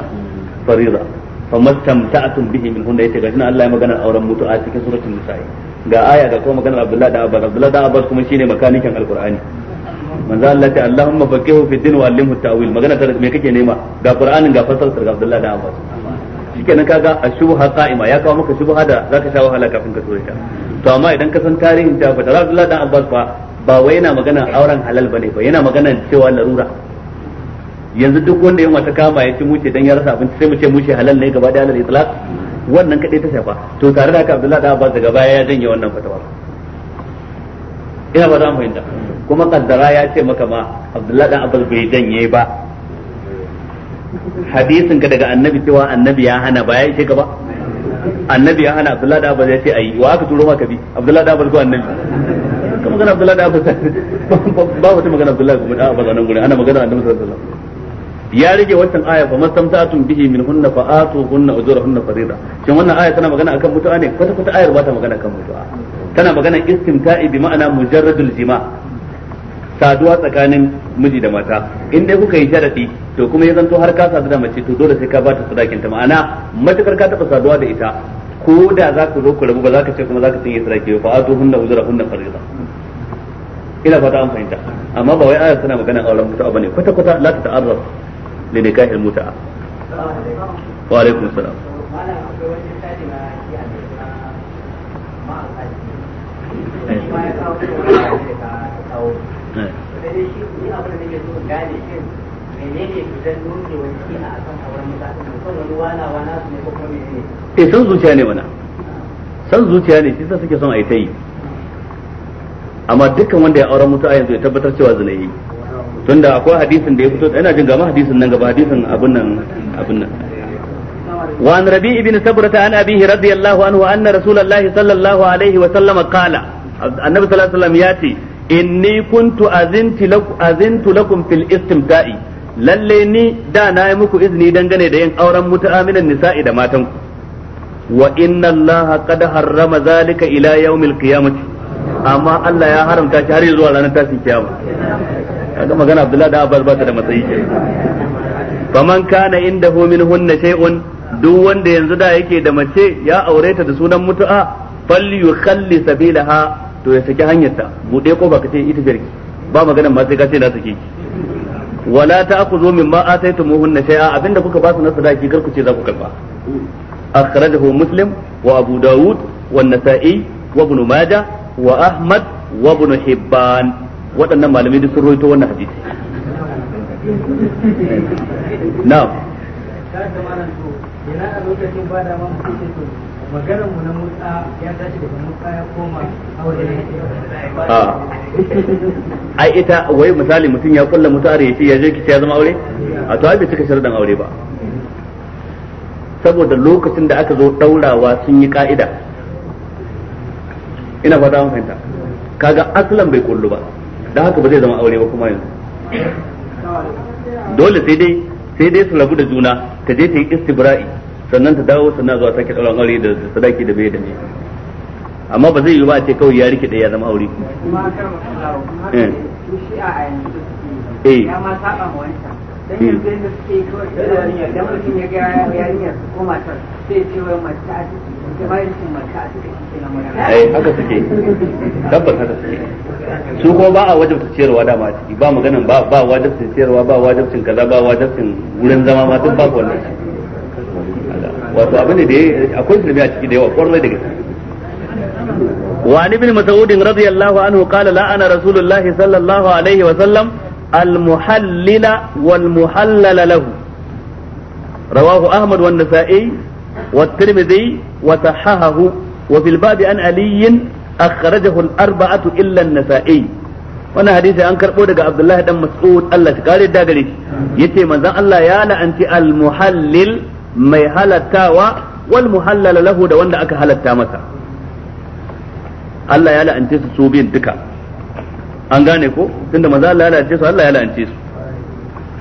fariza fama samta'atun bihi min hunna yace gashi na Allah ya magana auren mutu'a cikin suratul nisa ga aya ga kuma maganar Abdullahi da Abbas Abdullahi da Abbas kuma shine makanikin alqur'ani manzo Allah ta Allahumma faqihu fi din wa allimhu ta'wil magana ta me kake nema ga Qur'anin ga fasal sarga Abdullahi da Abbas shikenan kaga ashubha qa'ima ya kawo maka shubha da zaka sha wahala kafin ka tura ta to amma idan ka san tarihin ta fa Abdullah da Abbas fa ba wai yana magana auren halal bane ba yana magana cewa larura yanzu duk wanda yawa wata kama ya ci muce dan ya rasa abinci sai mu ce muce halal ne gaba da halal itlaq wannan kadai ta shafa to tare da haka Abdullah da Abbas daga baya ya janye wannan fatawa ina ba za mu fahimta kuma kaddara ya ce maka ma Abdullahi dan Abbas bai janye ba hadisin ka daga annabi cewa annabi ya hana ba ya yi ka ba annabi ya hana Abdullahi dan Abbas ya ce ayi wa aka turo maka bi Abdullahi dan Abbas ko annabi ka magana Abdullahi dan Abbas ba wata magana Abdullahi dan Abbas nan gurin ana magana annabi sallallahu alaihi wasallam ya rage wancan aya fa mastamta'atun bihi min hunna fa atuhunna ujurahunna farida shin wannan aya tana magana akan mutu'a ne kwata kwata ayar ba ta magana akan mutu'a tana magana istimta'i bi ma'ana mujarradul jima saduwa tsakanin miji da mata in dai kuka yi sharadi to kuma ya zanto har ka sadu da mace to dole sai ka bata sadakin ta ma'ana matukar ka taba saduwa da ita ko da za ku zo ku rabu ba za ka ce kuma za ka cinye sadaki ba fa'atu hunna uzura hunna fariza ina fata an fahimta amma ba wai ayar tana magana wurin mutuwa bane kwata kwata la ta ta'arraf li nikahil mutu'a wa alaikum salam Thank E, san zuciya ne mana san zuciya ne shi sa suke son a yi ta yi amma dukkan wanda ya auren a yanzu ya tabbatar cewa zina yi tunda akwai hadisin da ya fito ina jin gama hadisin nan gaba hadisin abin nan abin nan وعن ربيع بن سبرة عن أبيه رضي الله عنه أن رسول الله صلى الله عليه وسلم قال النبي صلى الله عليه وسلم يأتي inni kuntu azintu lakum azintu lakum fil istimta'i lalle ni da na yi muku izini dangane da yin auren muta'aminan nisa'i da matan ku wa inna allaha qad harrama zalika ila yawmil qiyamati amma Allah ya haramta shi har zuwa ranar tashin kiyama kaga magana Abdullahi da Abbas ba ta da matsayi ke faman kana indahu minhunna shay'un duk wanda yanzu da yake da mace ya aure ta da sunan mutu'a falyukhalli sabilaha to ya saki hanyarta buɗe ko ka ce ita jarki ba magana ma sai ka ce na sake ki wala ta'khudhu mimma ataytumuhunna shay'a abinda kuka ba su na sadaki kar ku ce za ku karba akhrajahu muslim wa abu daud wa nasa'i wa ibn wa ahmad wa ibn hibban waɗannan malamai duk sun rawaito wannan hadisi na'am maganar mu na mutsa ya tashi daga mutsa ya koma aure ai ita wai misali mutum ya kulla mutu ya yace ya je ki ya zama aure a to ai bai cika sharadan aure ba saboda lokacin da aka zo daurawa sun yi ka'ida ina fata an fahimta kaga aslan bai kullu ba dan haka ba zai zama aure ba kuma yanzu dole sai dai sai dai su rabu da juna ta je ta yi istibra'i sannan ta dawo sannan zuwa sake tsaron aure da sadaki da bai da amma ba zai yi ba a ce kawai ya rike ya zama aure eh, eh. Hmm. eh ko a su ko ba a wajabta ciyarwa dama ciki ba maganan ba ba wajabcin ciyarwa ba wajabcin kaza ba wajabcin wurin zama ma duk babu wannan wato abin da akwai zulmi a ciki da yawa kwarai da gaske وعن ابن مسعود رضي الله عنه قال لعن رسول الله صلى الله عليه وسلم المحلل والمحلل له رواه والنسائي والترمذي وصححه وفي الباب عن علي النسائي an karɓo daga Abdullahi dan Mas'ud Allah shi yace manzon Allah ya la'anti al-muhallil mai halattawa wal muhallala lahu da wanda aka halatta masa Allah ya la'ance su su biyan duka an gane ko tunda manzo Allah ya la'ance su Allah ya la'ance su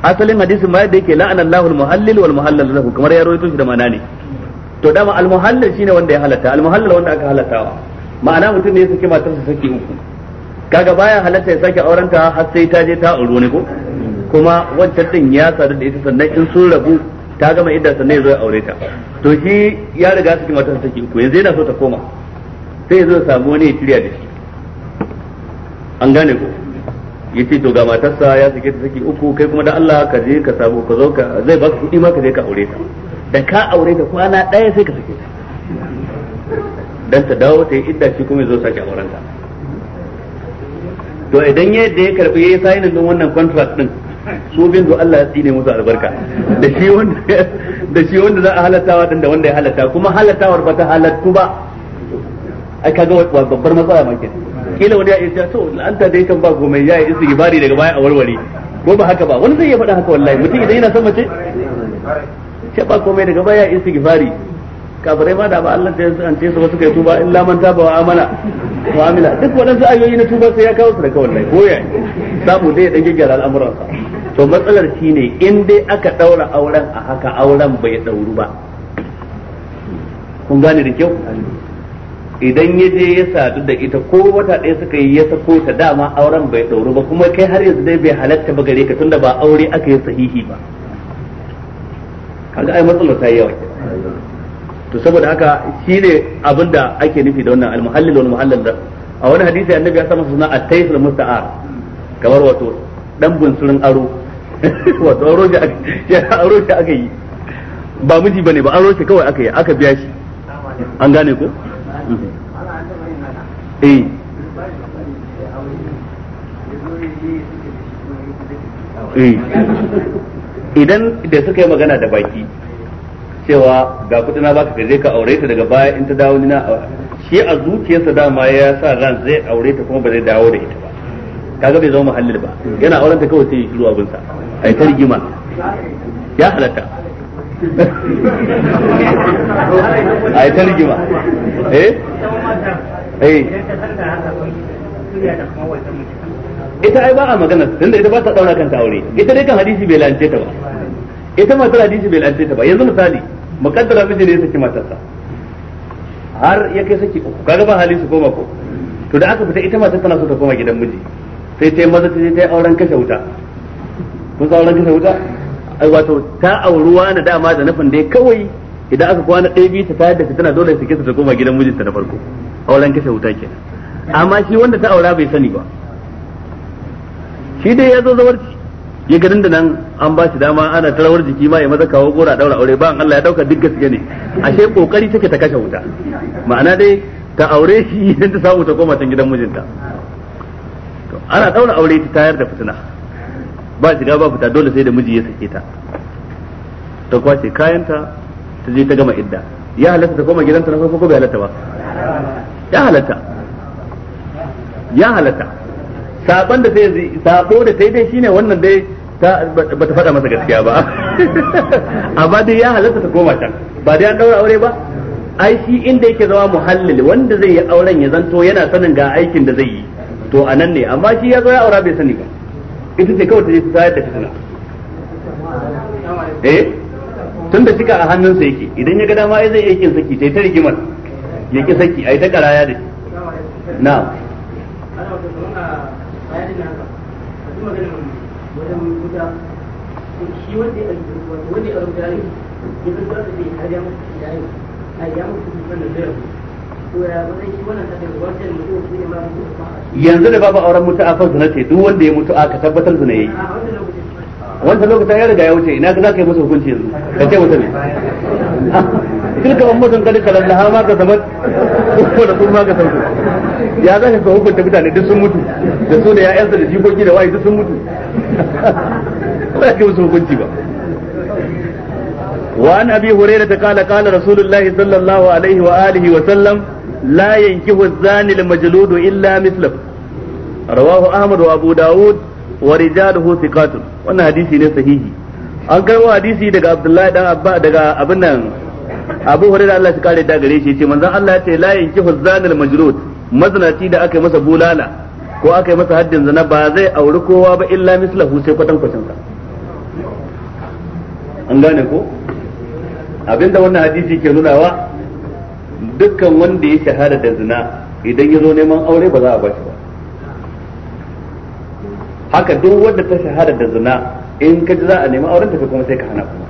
asalin hadisin ma yadda yake la'ana Allahu al-muhallil wal muhallal lahu kamar ya rawaito shi da mana ne to dama al-muhallil shine wanda ya halatta al-muhallal wanda aka halattawa ma'ana mutum ne ya saki sa saki uku kaga baya halatta ya sake aurenta har sai ta je ta aure ne ko kuma wancan din ya sadu da ita sannan in sun rabu ta gama idda sannan ya zo ya aure ta to shi ya riga saki ta saki uku yanzu yana so ta koma sai ya zo samu wani ya tirya da shi an gane ko ya ce to ga matarsa ya sake ta saki uku kai kuma da Allah ka je ka samu ka zo ka zai baka kuɗi ma ka je ka aure ta da ka aure ta kwana ɗaya sai ka sake ta dan ta dawo ta yi idda shi kuma ya zo sake auren ta to idan yadda ya karbi yayi sainin din wannan contract din su bin zo Allah ya tsine musu albarka da shi wanda da shi wanda za a halattawa din da wanda ya halatta kuma halattawar ba ta halattu ba ai kaga wa babbar matsala ma kenan kila wani ya isa to la'anta dai kan ba gome ya yi ibari daga baya a warware ko ba haka ba wani zai iya faɗa haka wallahi mutum idan yana son mace ce ba komai daga baya ya yi istighfari kafirai ma da ba Allah ta yi an ce su wasu kai tuba illa man taba wa amana mu'amala duk waɗansu ayoyi na tuba sai ya kawo su daga wallahi ko yayi samu dai dan gyara al'amuransa to matsalar ne in dai aka daura auren a haka auren bai dauru ba kun gane da kyau idan ya je ya sadu da ita ko wata ɗaya suka yi ya sako ta dama auren bai ɗauru ba kuma kai har yanzu dai bai halatta ba gare ka tunda ba aure aka yi sahihi ba kaga ai matsalar ta yi yawa to saboda haka shine abin da ake nufi da wannan almuhallil wal muhallal da a wani hadisi annabi ya samu suna at-taysul musta'ar kamar wato dan bunsurin aro wato aro shi ya aro da aka yi ba miji bane ba aro shi kawai aka yi aka biya shi an gane ko eh, eh. idan da suka yi magana da baki cewa ga kudi na baka gaje ka aure ta daga baya in ta dawo ni na shi a zuciyarsa dama ya sa ran zai aure ta kuma ba zai dawo da ita ba kaga bai zama muhallil ba yana auren ta kawai sai shiru abinsa sa ai ta rigima ya halatta ai ta rigima eh eh ita ai ba a magana tunda ita ba ta daura kanta aure ita dai kan hadisi bai lance ta ba ita matar hadisi bai lance ta ba yanzu misali mukaddara miji ne ya saki matarsa har ya kai saki uku kaga ba hali su koma ko to da aka fita ita matar tana so ta koma gidan miji sai ta yi maza ta je ta auren kashe wuta kun san auren kashe wuta wato ta auruwa na dama da nufin dai kawai idan aka kwana ɗaya biyu ta tayar da tana dole su kisa ta koma gidan mijinta na farko auren kashe wuta kenan amma shi wanda ta aura bai sani ba shi dai ya zo zawarci ya ganin da nan an ba shi dama ana tarawar jiki ma ya maza kawo gora daura aure ba Allah ya dauka duk gaske ne ashe kokari take ta kashe wuta ma'ana dai ta aure shi idan ta samu ta koma can gidan mijinta ana daura aure ta tayar da fitina ba shiga ba fita dole sai da miji ya sake ta ta kwace kayanta ta je ta gama idda ya halatta ta koma gidanta na farko ko bai halatta ba ya halatta ya halatta Sabon da sai sabo da sai dai shine wannan dai ba ta faɗa masa gaskiya ba amma dai ya halatta ta koma can ba dai an ɗaura aure ba ai shi inda yake zama muhallil wanda zai yi auren ya zanto yana sanin ga aikin da zai yi to a nan ne amma shi ya zo ya aura bai sani ba ita ce kawai ta je ta tayar da fitina eh tun da shika a hannunsa yake idan ya ga dama ai zai iya saki tai ta rigimar ya ki saki ai ta karaya da na'am guda shi wanda ya wanda ya ya har ya mutu a ya mutu wannan yanzu da babu auren mutu a zina ce duk wanda ya mutu ka tabbatar zina yayi wanda lokacin ya riga ya wuce ina za kai yi masa hukunci yanzu ka ce mutum tilka mutum kada kalan laha ma ka zama ko da kuma ka sauko ya zaka ka hukunta mutane duk sun mutu da su da ya'yansa da jikoki da wayi duk sun mutu ba ke musu hukunci ba وعن أبي هريرة قال قال رسول الله صلى الله عليه وآله وسلم لا ينكه الزاني المجلود إلا مثله رواه أحمد وأبو داود ورجاله ثقات وانا حديثي ne sahihi an karbo hadisi daga Abdullahi dan Abba daga abin nan Abu Hurairah Allah ya kare da gare shi yace manzon Allah ya ce la yankihu zanil majrud maznaci da aka masa bulala ko aka yi masa haddin zina ba zai auri kowa ba illa mislahu sai kwatan kwatan ka an gane ko abinda wannan hadisi ke nunawa dukkan wanda ya shahada da zina idan ya zo neman aure ba za a bashi ba haka duk wanda ta shahada da zina in ka ji za a nemi auren tafi kuma sai ka hana kuma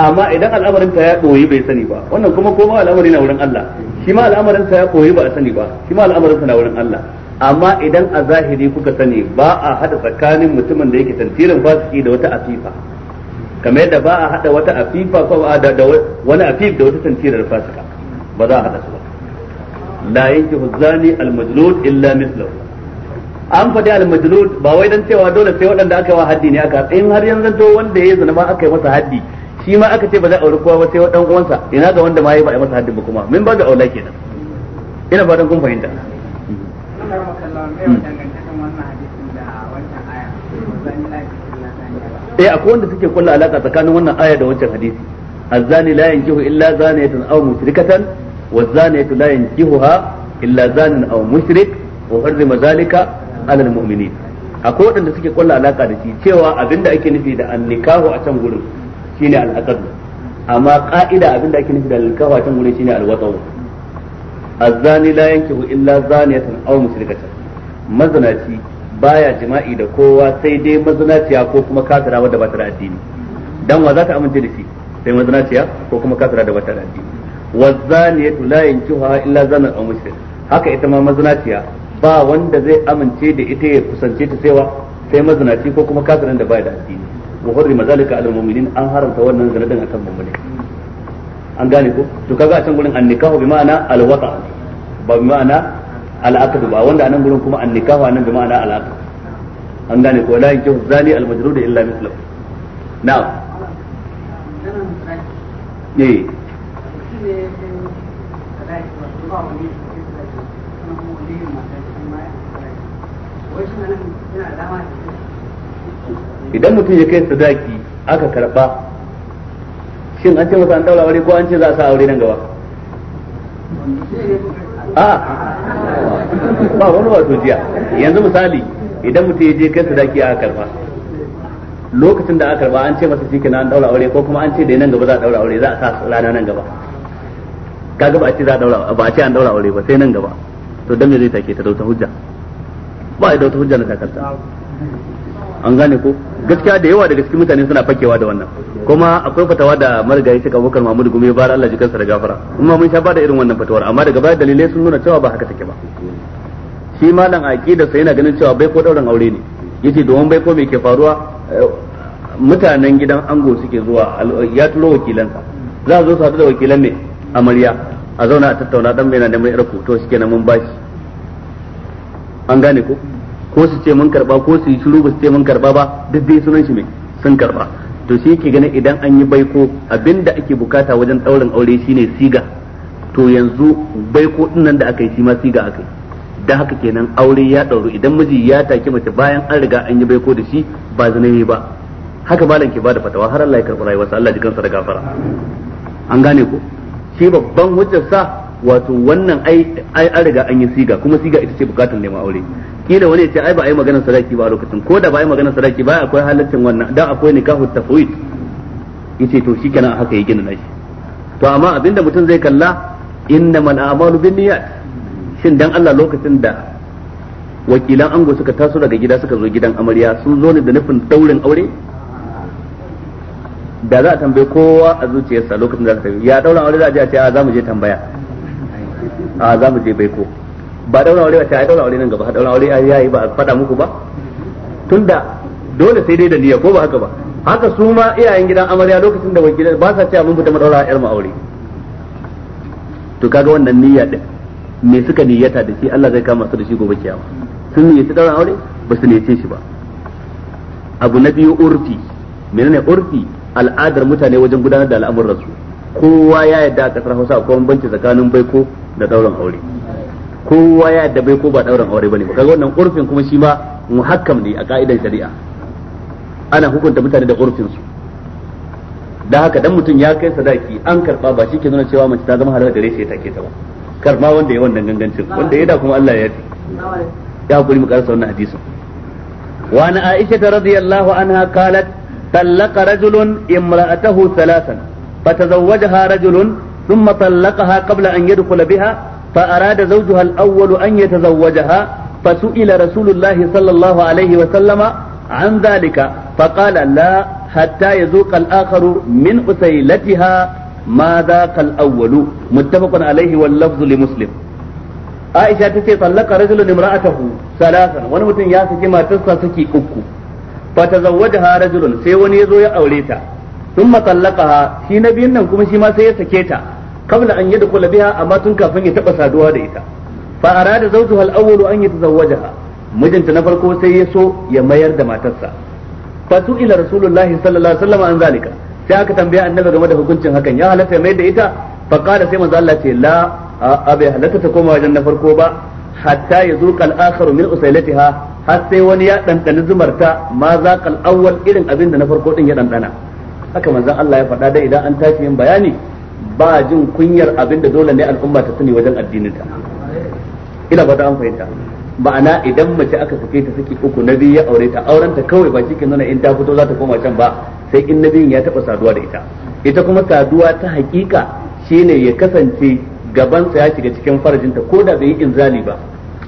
amma idan al'amarin ta ya koyi bai sani ba wannan kuma ko ba al'amari na wurin Allah shi ma al'amarin ta ya koyi ba a sani ba shi ma al'amarin ta na wurin Allah amma idan a zahiri kuka sani ba a hada tsakanin mutumin da yake tantirin fasiki da wata afifa kamar yadda ba a hada wata afifa ko da wani afif da wata tantirar fasika ba za a hada su ba la yankihu huzani al illa mithlu an faɗi al ba wai dan cewa dole sai waɗanda aka yi wa haddi ne aka in har yanzu to wanda ya zina ma aka yi masa haddi shi ma aka ce ba za a auri kowa ba sai waɗan uwansa ina ga wanda ma yi ba a masa haddi ba kuma min ba da aula kenan ina fatan kun fahimta mai wannan hadisin da wancan aya zan eh akwai wanda suke kulla alaka tsakanin wannan aya da wancan hadisi azzani la yankihu illa zaniyatan aw mushrikatan zaniyatu la yankihuha illa zanin aw mushrik wa harrama zalika ala almu'minin akwai wanda suke kulla alaka da shi cewa abinda ake nufi da annikahu a can gurin shine al'aqd amma qa'ida abinda ake nufi da al'nikahu a can gurin shine wata'u azzani la yanke hu illa zaniyatan aw mushrikatan mazanaci baya jima'i da kowa sai dai mazanaciya ko kuma kafira wadda ba ta da addini dan wa za ta amince da shi sai mazanaciya ko kuma kafira da ba ta da addini wa wazaniyatu la yanke hu illa zanan aw mushrik haka ita ma mazanaciya ba wanda zai amince da ita ya kusance ta saiwa sai mazanaci ko kuma kafirin da baya da addini wa hurri mazalika alal mu'minin an haramta wannan zanadin akan mu'mini an gane ko to kaga a can gurin annikahu bi ma'ana alwata ba bi ma'ana al'aqd ba wanda anan gurin kuma annikahu anan bi ma'ana al'aqd an gane ko la yankihu zani almajrud illa mithlu na'am ne eh. idan mutum ya kai sadaki aka karba shin an ce masa an daura aure ko an ce za a sa aure nan gaba a ba wani wato jiya yanzu misali idan mutum ya je kai sadaki a karba lokacin da aka karba an ce masa shi an daura aure ko kuma an ce da nan gaba za a daura aure za a sa rana nan gaba kaga ba a ce za a daura ba a ce an daura aure ba sai nan gaba to dan me zai take ta dauta hujja ba a dauta hujja na takalta an gane ko gaskiya da yawa daga cikin mutane suna fakewa da wannan kuma akwai fatawa da marigayi shi kabukar Mahmud Gumi bar Allah ji kansa da gafara kuma mun sha bada irin wannan fatawar amma daga baya dalilai sun nuna cewa ba haka take ba shi malam aqida sai yana ganin cewa bai ko dauran aure ne yace domin bai ko me ke faruwa eh, mutanen gidan ango suke zuwa ya turo wakilansa za a zo su haɗu da wakilan ne amarya a zauna a tattauna dan bai na neman irku to shikenan mun bashi an gane ko ko su ce mun karba ko su yi shiru ba su ce mun karba ba duk dai sunan shi ne sun karba to shi yake ganin idan an yi baiko abinda ake bukata wajen ɗaurin aure shine siga to yanzu baiko nan da aka yi shi ma siga aka yi dan haka kenan aure ya ɗauru idan miji ya take mace bayan an riga an yi baiko da shi ba zanayi ba haka malam ke bada fatawa har Allah ya karɓi rayuwarsa Allah ji kansa da gafara an gane ko shi babban hujjar sa wato wannan ai an riga an yi siga kuma siga ita ce bukatar neman aure kila wani ya ce ai ba a yi maganar sadaki ba a lokacin ko da ba a yi maganar sadaki ba akwai halaccin wannan da akwai nikahu tafwid yace to shikenan haka ya gina nashi to amma abinda mutum zai kalla innamal a'malu binniyat shin dan Allah lokacin da wakilan ango suka taso daga gida suka zo gidan amarya sun zo ne da nufin daurin aure da za a tambaye kowa a zuciyarsa lokacin da ka tafi ya daura aure za a je a ce a za mu je tambaya a za mu je bai ko ba daura aure wata ai daura aure nan gaba daura aure ai yayi ba a faɗa muku ba tunda dole sai dai da niyya ko ba haka ba haka su ma iyayen gidan amarya lokacin da wakilai ba sa cewa mun fita mu daura yar mu aure to kaga wannan niyya din me suka niyyata da shi Allah zai kama su da shi gobe kiyama sun niyyaci daura aure ba su niyyace shi ba abu na biyu urfi menene urfi al'adar mutane wajen gudanar da al'amuran su kowa ya yadda a kasar Hausa akwai banbanci tsakanin baiko da dauran aure kowa ya yadda baiko ba dauran aure bane ne. kaga wannan urfin kuma shi ma muhakkam ne a ka'idar shari'a ana hukunta mutane da urfin su da haka dan mutum ya kai sadaki an karba ba shi ke nuna cewa mace ta zama halal gare shi ta ke ta ba karma wanda ya wannan gangancin wanda ya da kuma Allah ya ce ya hakuri mu karasa wannan hadisin wa ana aisha radiyallahu anha qalat talaqa rajulun imra'atahu thalathan فتزوجها رجل ثم طلقها قبل أن يدخل بها فأراد زوجها الأول أن يتزوجها فسئل رسول الله صلى الله عليه وسلم عن ذلك فقال لا حتى يذوق الآخر من أسيلتها ما ذاق الأول متفق عليه واللفظ لمسلم Aisha tace sallaka rajulun imra'atahu salasan wani mutum ya saki matarsa saki uku fa tazawwajaha rajulun sai wani yazo ya aure ta sun matsallaka shi na biyun nan kuma shi ma sai ya sake ta kabla an yi kula biya amma tun kafin ya taɓa saduwa da ita fa arada zawjuha al-awwalu an yatazawwajaha mijinta na farko sai ya so ya mayar da matarsa fa su ila rasulullahi sallallahu alaihi wasallam an zalika sai aka tambaya annabi game da hukuncin hakan ya halatta mai da ita fa qala sai manzo Allah ce la abai halatta ta koma wajen na farko ba hatta yazuqa al-akharu min usailatiha har sai wani ya dandana zumarta ma zaqal awwal irin abin da na farko din ya dandana haka manzon Allah ya faɗa da idan an tashi yin bayani ba jin kunyar abin da dole ne al'umma ta sani wajen addinin ta ina ba an fahimta ma'ana idan mace aka sake ta saki uku na biyu ya aure ta auren ta kawai ba cikin nuna in ta fito za ta koma can ba sai in na biyun ya taɓa saduwa da ita ita kuma saduwa ta hakika shine ya kasance gabansa ya shiga cikin farajinta ko da bai yi inzali ba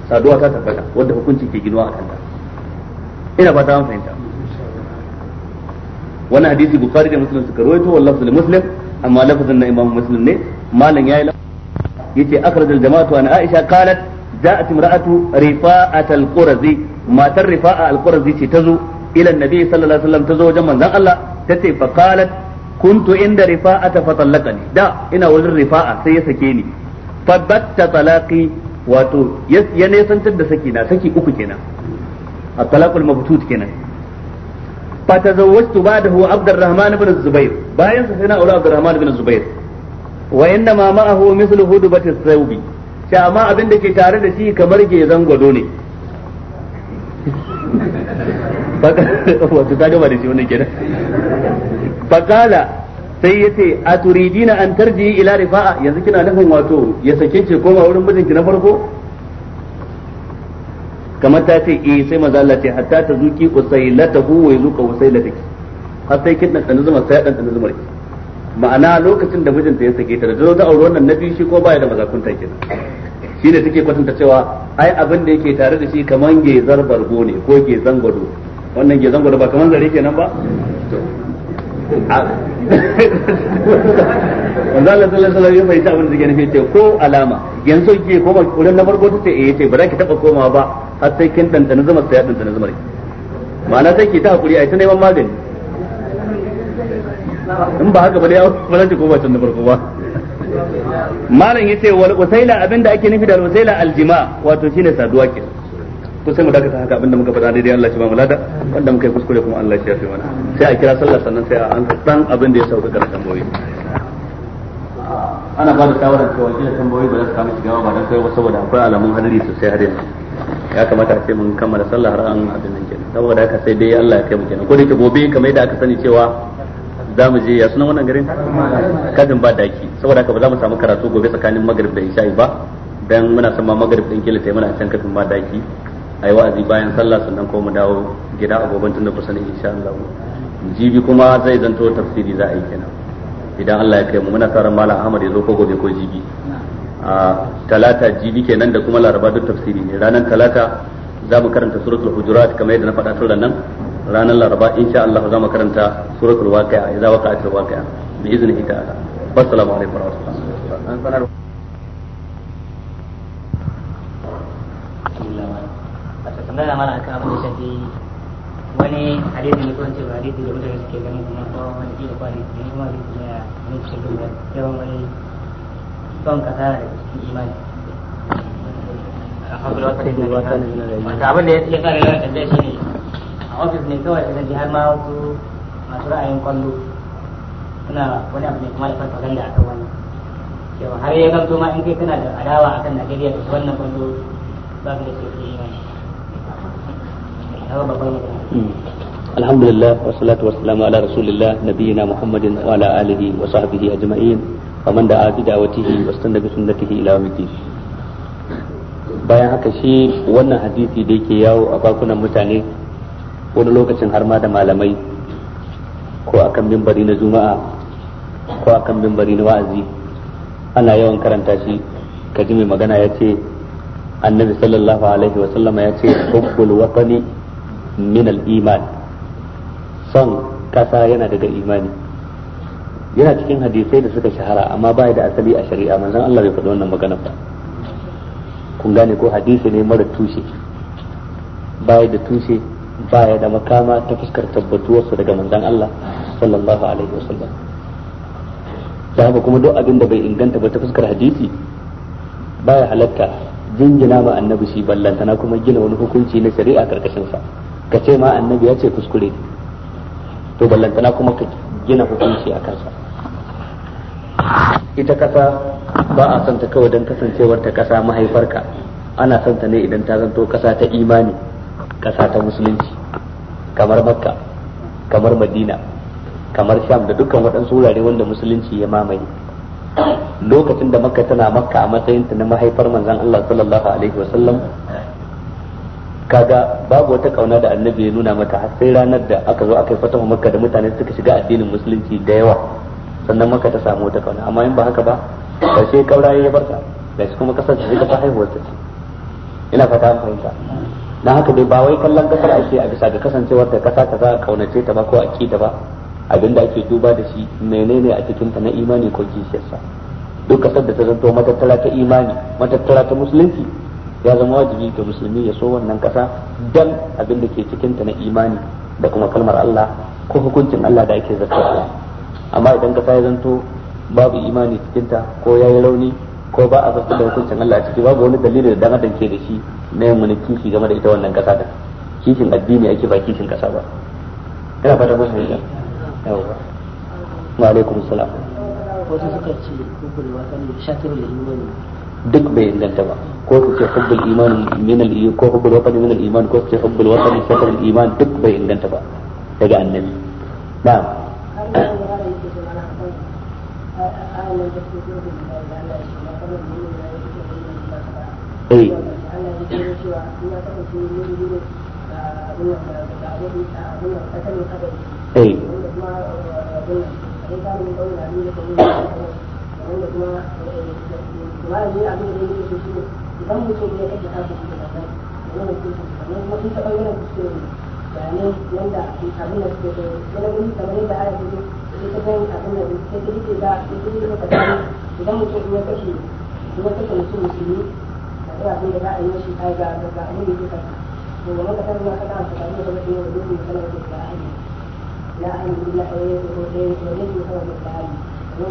saduwa ta tabbata wanda hukunci ke ginuwa a kanta ina ba ta fahimta wannan hadisi bukhari da muslim suka rawaito wallahu li muslim amma lafazin na imamu muslim ne malam yayi yace akhraj al jama'atu an aisha qalat ja'at imra'atu rifa'at al qurazi matar rifa'a al qurazi ce tazo ila annabi sallallahu alaihi wasallam tazo wajen manzon Allah tace fa qalat kuntu inda rifa'ata fa tallaqani da ina wurin rifa'a sai ya sake ni fa batta talaqi wato ya nesantar da saki na saki uku kenan at-talaqul mabtut kenan fa tazawwajtu ba'dahu Abdurrahman ibn Zubair bayan sa sai na aure Abdurrahman ibn Zubair wa inna ma ma'ahu mithlu hudubati thawbi sha amma abin da ke tare da shi kamar gezan gwado ne wato ka gama da shi wannan kenan fakala sai ya ce an tarji ila rifa'a yanzu kina nufin wato ya sake ce koma wurin mijinki na farko kamar ta ce eh sai maza Allah ce hatta ta zuki usailatahu wa yuzuka usailataki har sai kin dan zuma sai dan dan zuma ma'ana lokacin da mijinta ya sake ta da zo da aure wannan nabi shi ko baya da mazakunta kenan shine take kwatanta cewa ai abin da yake tare da shi kaman gezar bargo ne ko gezan gwado wannan gezan gwado ba kaman zare kenan ba wanda Allah sallallahu alaihi wasallam ya abin da nufi ce ko alama yanzu ke koma kullun na farko ce eh ce ba za ki taba komawa ba har sai kin dandana zuma sai dandana Ba ma'ana sai ki ta hakuri ai ta neman magani in ba haka ba dai ba za ki koma tun na farko ba malam yace wal usaila abinda ake nufi da usaila aljima wato shine saduwa kenan to sai mu dakata haka abinda muka faɗa daidai Allah shi ba mu lada wanda muka yi kuskure kuma Allah shi ya fi mana sai a kira sallar sannan sai a an dan abin da ya sauka ga tambayoyi ana ba da shawarar cewa kila tambayoyi ba za su kama shiga ba dan kai saboda akwai alamun hadari sosai har yanzu ya kamata a ce mun kammala sallah har an abin nan kenan saboda haka sai dai Allah ya kai mu kenan ko da yake gobe kamar yadda aka sani cewa za mu je ya sunan wannan garin kadin ba daki saboda haka ba za mu samu karatu gobe tsakanin magrib da isha'i ba dan muna son ma magrib din kila sai muna can kafin ba daki ayi wa'azi bayan sallah sannan kuma mu dawo gida a gobe tun da insha Allah jibi kuma zai zanto tafsiri za a yi kenan idan Allah ya kai mu muna tsaron malam Ahmad ya zo ko gobe ko jibi a talata jibi kenan da kuma laraba duk tafsiri ne ranar talata za mu karanta suratul hujurat kamar yadda na faɗa tun nan ranar laraba insha Allah za mu karanta suratul waqi'a idza waqa'atil waqi'a bi iznihi ta'ala assalamu alaikum wa rahmatullahi wa barakatuh tambaya mara akan abin da shafi wani hadisi ne kwanci ba hadisi da mutane suke ganin kuma ko wani kila ko hadisi ne kuma hadisi ne a nufin da yawan wani son kasara da cikin imani wata abin da ya tsaye kare yawan ɗanda shi ne a ofis ne kawai ta ji har ma wasu masu ra'ayin kwallo suna wani abu ne kuma da farfaganda a kan wani cewa har ya gamto ma in kai kana da adawa akan najeriya da wannan kwallo ba ka da shi imani الحمد لله والصلاة والسلام على رسول الله نبينا محمد وعلى آله وصحبه أجمعين ومن دعا بدعوته واستنى بسنته إلى يوم الدين bayan haka shi wannan hadisi da yake yawo a bakunan mutane wani lokacin har ma da malamai ko a kan mimbari na juma'a ko a kan mimbari na wa'azi ana yawan karanta shi kaji mai magana ya ce annabi sallallahu alaihi wasallama ya ce hubbul watani min al-iman son kasa yana daga imani yana cikin hadisai da suka shahara amma baya da asali a shari'a manzon Allah bai faɗi wannan magana ba kun gane ko hadisi ne mara tushe baya da tushe baya da makama ta fuskar tabbatuwarsa daga manzon Allah sallallahu alaihi wasallam da haka kuma duk abin da bai inganta ba ta fuskar hadisi baya halatta jingina ma annabi shi ballantana kuma gina wani hukunci na shari'a karkashin sa ka ce ma annabi ya ce kuskure to ballantana kuma ka gina hukunci a kansa ita kasa ba a santa kawai don kasancewar ta kasa mahaifarka ana santa ne idan ta zanto kasa ta imani kasa ta musulunci kamar makka kamar madina kamar sham da dukkan waɗansu wurare wanda musulunci ya mamaye lokacin da makka tana makka a matsayinta na mahaifar manzan Allah sallallahu alaihi wasallam kaga babu wata kauna da annabi ya nuna mata har sai ranar da aka zo aka yi fatahu makka da mutane suka shiga addinin musulunci da yawa sannan makka ta samu wata kauna amma in ba haka ba karshe kauraye ya barta gashi kuma kasance shi ka ta haihuwar ta ina fata an fahimta dan haka dai ba wai kallon kasar ake a bisa ga kasancewar ta kasa a kaunace ta ba ko aki ta ba abinda ake duba da shi menene a cikin ta na imani ko kishiyarsa duk kasar da ta zanto matattara ta imani matattara ta musulunci ya zama wajibi ga musulmi ya so wannan kasa dan abin da ke cikinta na imani da kuma kalmar Allah ko hukuncin Allah da ake zakarwa amma idan kasa ya zanto babu imani cikin ko ko yi rauni ko ba a zata da hukuncin Allah ciki babu wani dalili da dan da ke da shi na yin wani kishi game da ita wannan kasa da kishin addini ake ba kishin kasa ba ina fata mun fahimta yawa wa alaikum salam wasu suka ce da imani duk bai inganta ba ko ku ce hubbul iman min al ko hubbul watan min al iman ko ku ce hubbul watan shatar al iman duk bai inganta ba daga annabi na'am eh eh malami abin da yake shi ne idan mutum ya kashe kansa shi da kai yana da shi kamar kuma sun taɓa yana kuske bayanai yanda abin da suke da yana gani kamar yadda aya ta ce ita kan abin da ta ce take da ita ce ta kai idan mutum ya kashe ya kashe mutum musulmi a ga abin da za a yi shi ga ga abin da yake kansa to wannan ka ma ka kan ka ne da mutum ya gudu ne kana da ta'ali la an billahi wa la ilaha illa huwa al-hayyul qayyum ita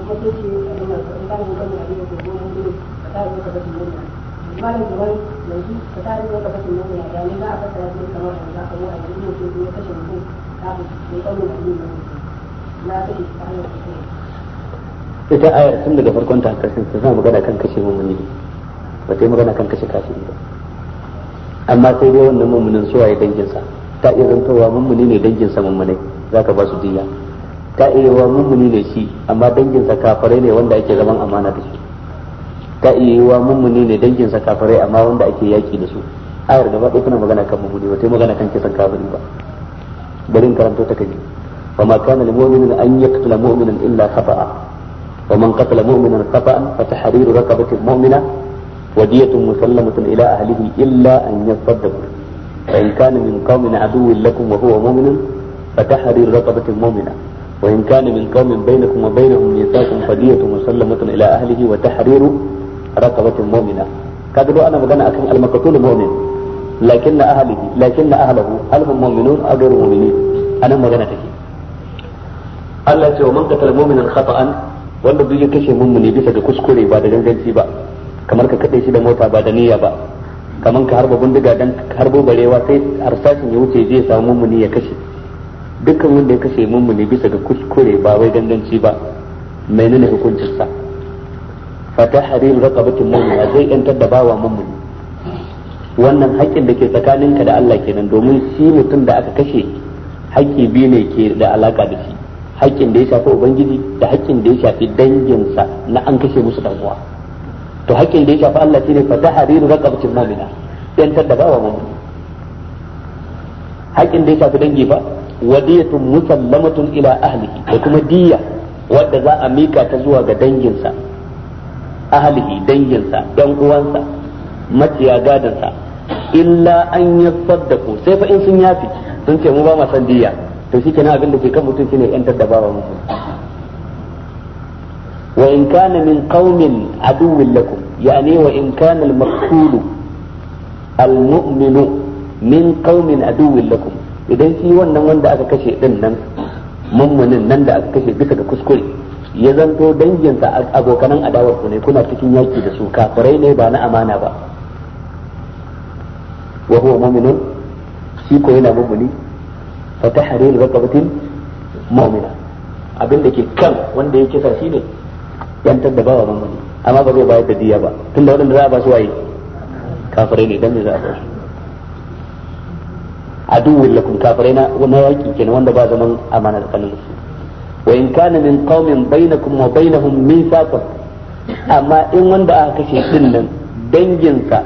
ayar tun daga farkon ta karshen ta zama magana kan kashe mummuni ba ta yi magana kan kashe kafiri ba amma sai dai wannan mummunin suwaye danginsa ta iya zantowa mummuni ne danginsa mummunai za ka ba su diya ka iya yiwa mummuni ne shi amma danginsa kafare ne wanda ake zaman amana da su ka iya yiwa mummuni ne danginsa kafare amma wanda ake yaki da su ayar gaba ɗaya tana magana kan mummuni ba ta magana kan kisan kafiri ba bari in karanto ta kaji فما كان لمؤمن أن يقتل مؤمنا إلا خطأ ومن قتل مؤمنا خطأ فتحرير رقبة مؤمنة ودية illa an أهله إلا أن يصدقوا فإن كان من قوم عدو لكم وهو مؤمن فتحرير رقبة مؤمنة وإن كان من قوم بينكم وبينهم ميثاق فدية مسلمة إلى أهله وتحرير رقبة مؤمنة كذلك أنا ana magana akan مؤمن لكن أهله لكن أهله هل هم مؤمنون mu'minun aw ghayru mu'minin anan magana take Allah ce wa man qatala wanda duk ya kashe mummuni bisa ga kuskure ba da ganganci ba kamar ka kade shi da mota ba da niyya ba kamar ka harba bindiga dan harbo barewa sai harsashin ya wuce je ya samu mummuni ya kashe dukkan wanda ya kashe mummuni bisa ga kuskure ba wai ganganci ba menene hukuncin sa fata harir raqabatin mu'mina zai yantar da bawa mummuni wannan haƙƙin da ke tsakaninka da Allah kenan domin shi mutum da aka kashe haƙƙi biyu ne ke da alaka da shi haƙƙin da ya shafi ubangiji da haƙƙin da ya shafi danginsa na an kashe musu dan uwa to haƙƙin da ya shafi Allah shine fata harir raqabatin mu'mina yantar da bawa mummuni haƙƙin da ya shafi dangi ba wadiyatun musallamatun ila ahlihi da kuma diya wadda za a mika ta zuwa ga danginsa ahlihi danginsa yan uwansa maciya gadansa illa an yasaddaku sai fa in sun yafi sun ce mu ba ma san diya to kenan abin da ke kan mutum shine yan taddabawa mu wa in kana min qaumin aduwwin lakum yani wa in kana al-maqtulu al-mu'minu min qaumin aduwwin lakum idan shi wannan wanda aka kashe din nan mummunin nan da aka kashe bisa ga kuskure ya zanto danginsa abokanan adawar ku ne kuna cikin yaki da su kafirai ne ba na amana ba wa huwa mu'minun shi ko yana mu'mini fa tahrir raqabatin mu'mina abin da ke kan wanda ya sa shi ne yantar da wa mu'mini amma ba zai bayar da diya ba tunda wanda za a ba su waye kafirai ne dan me za a ba su aduwwun lakum kafirai na na yaki kenan wanda ba zaman amana tsakanin su wa in kana min qaumin bainakum wa bainahum mithaqun amma in wanda aka kashe din nan danginsa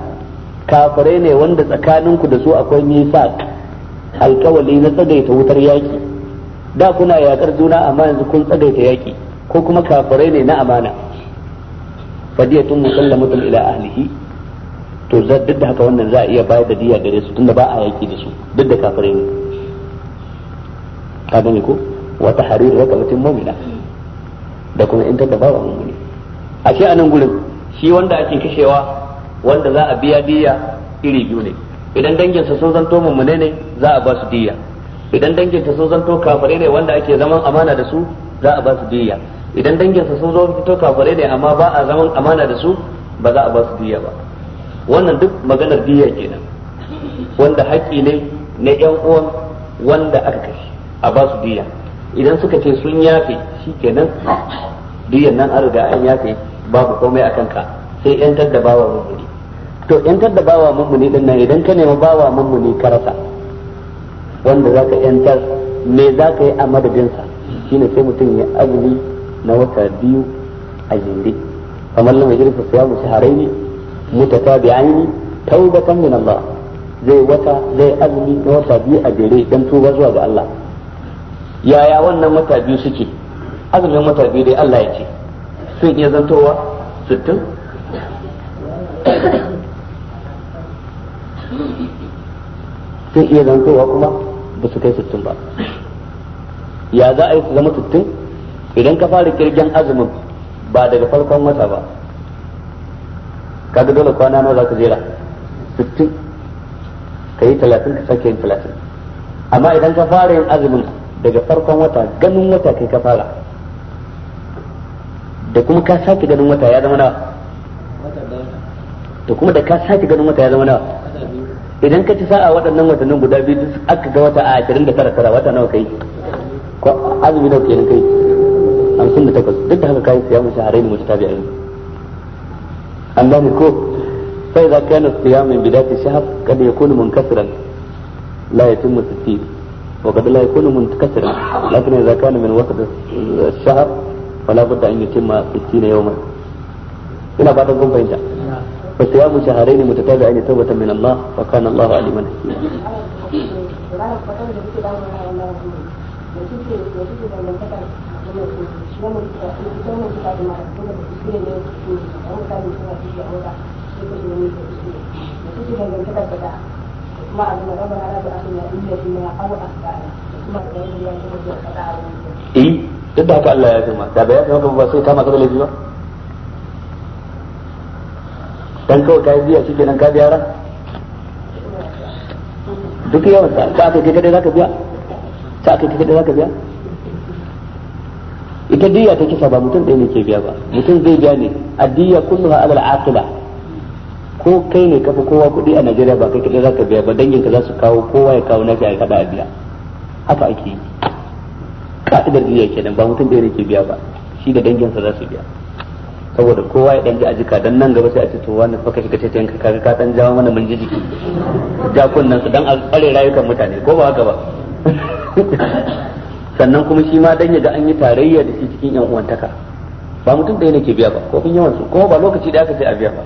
kafirai ne wanda tsakaninku da su akwai mithaq alkawali na tsagaita wutar yaki da kuna yakar juna amma yanzu kun tsagaita yaki ko kuma kafirai ne na amana fadiyatun musallamatun ila ahlihi to duk da haka wannan za a iya bayar da diya gare su tunda ba a yaki da su duk da kafirai ne ka gani ko harir tahrir raqabatin mu'mina da kuma in da bawa mu'mini a ce anan gurin shi wanda ake kashewa wanda za a biya diya iri biyu ne idan danginsa sun zanto mummune ne za a ba su diya idan danginsa sun zanto kafirai ne wanda ake zaman amana da su za a ba su diya idan danginsa sun zo fito kafirai ne amma ba a zaman amana da su ba za a ba su diya ba wannan duk maganar diya kenan wanda haƙƙi ne na yan uwan wanda aka kashe a ba su diya idan suka ce sun yafe kenan diyan nan an riga an yafe babu komai akan ka sai yantar da bawa mummuni to yantar da bawa mummuni din nan idan ka nemi bawa mummuni ka rasa wanda za ka yantar me za ka yi a madadinsa shine sai mutum ya azumi na wata biyu a jinde kamar lamar musu harai ne. mutatabi'ain tawbatan min Allah zai wata zai azumi na wata biyu a jere dan tuba zuwa ga Allah yaya wannan wata biyu suke azumin wata biyu dai Allah ya ce sun iya zantowa sittin sun iya zantowa kuma ba su kai sittin ba ya za a yi su zama sittin idan ka fara kirgin azumin ba daga farkon wata ba kaga dole kwana nawa zaka ka jera sittin ka yi talatin ka sake yin talatin amma idan ka fara yin azumin daga farkon wata ganin wata kai ka fara da kuma ka sake ganin wata ya zama nawa to kuma da ka sake ganin wata ya zama nawa idan ka ci sa'a waɗannan watannin guda biyu aka ga wata a 29 tara wata nawa kai ko azumi nawa kenan kai 58 duk da haka kai siyamu ta biya. الملك فإذا كان الصيام من بداية الشهر قد يكون منكسرا لا يتم الستين وقد لا يكون منكسرا لكن إذا كان من وسط الشهر فلا بد أن يتم ستين يوما إلى بعد قم فإنجا فصيام شهرين متتابعين توبة من الله وكان الله عليما حكيما eh duk da haka Allah ya zama da bayan haka ba sai kama ka da laifi ba dan kawai ka biya shi kenan ka biya ran duk yawan sa ka kai kai kadai zaka biya sa kai kai kadai zaka biya ita diya ta kisa ba mutum ɗaya ne ke biya ba mutum zai biya ne addiya kulluha alal aqila ko kai ne kafa kowa kuɗi a Najeriya ba kai kaɗai zaka biya ba danginka za su kawo kowa ya kawo nashi a kaɗa a biya haka ake yi ka'idar diya nan ba mutum ɗaya ne ke biya ba shi da danginsa za su biya saboda kowa ya ɗan ji jika dan nan gaba sai a ce to wani fa ka shiga ta yanka kaga ka dan jawo mana mun ji jiki jakunnan su dan a tsare rayukan mutane ko ba haka ba sannan kuma shi ma dan ya ga an yi tarayya da shi cikin yan uwantaka ba mutum ɗaya ne ke biya ba ko kun yawan su kuma ba lokaci da aka ce a biya ba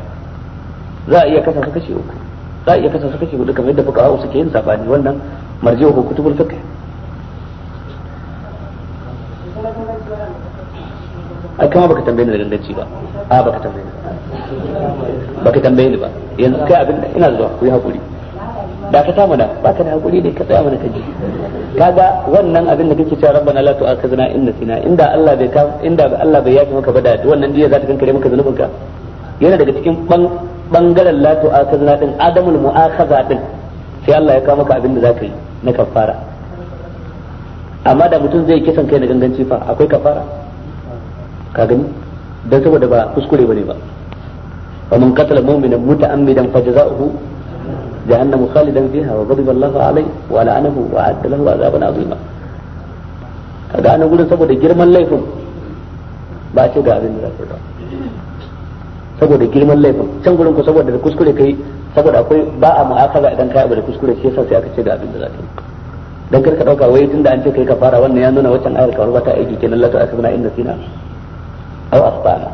za a iya kasa su kashe uku za a iya kasa su kashe hudu kamar yadda fuka su ke yin sabani wannan marjiwa ko kutubul fiqh a kama baka tambaye ni da ganganci ba a baka tambaye ni baka tambaye ni ba yanzu kai abin ina zuwa ku yi hakuri da ka ta mana ba ka da hakuri ne ka tsaya mana kaji kaga wannan abin da kake cewa rabbana la tu'akhizna in nasina inda Allah bai ka inda Allah bai yafi maka ba da wannan jiya za ta kankare maka zanubinka yana daga cikin bangaren la tu'akhizna din adamul mu'akhaza din sai Allah ya kawo maka abin da zaka yi na kafara amma da mutum zai kisan kai na ganganci fa akwai kafara ka gani dan saboda ba kuskure bane ba wa man qatala mu'minan muta'ammidan fajza'uhu جهنم خالدا فيها وغضب الله عليه ولعنه وأعد له عذابا عظيما kaga anan gurin saboda girman laifin ba ce ga abin da zaka ba saboda girman laifin can gurin ku saboda da kuskure kai saboda akwai ba a mu'akaza idan kai abu da kuskure shi yasa sai aka ce ga abin da zaka dan karka dauka wai tunda an ce kai ka fara wannan ya nuna wancan ayar kawar wata aiki kenan la ta'asuna inna sina aw asbana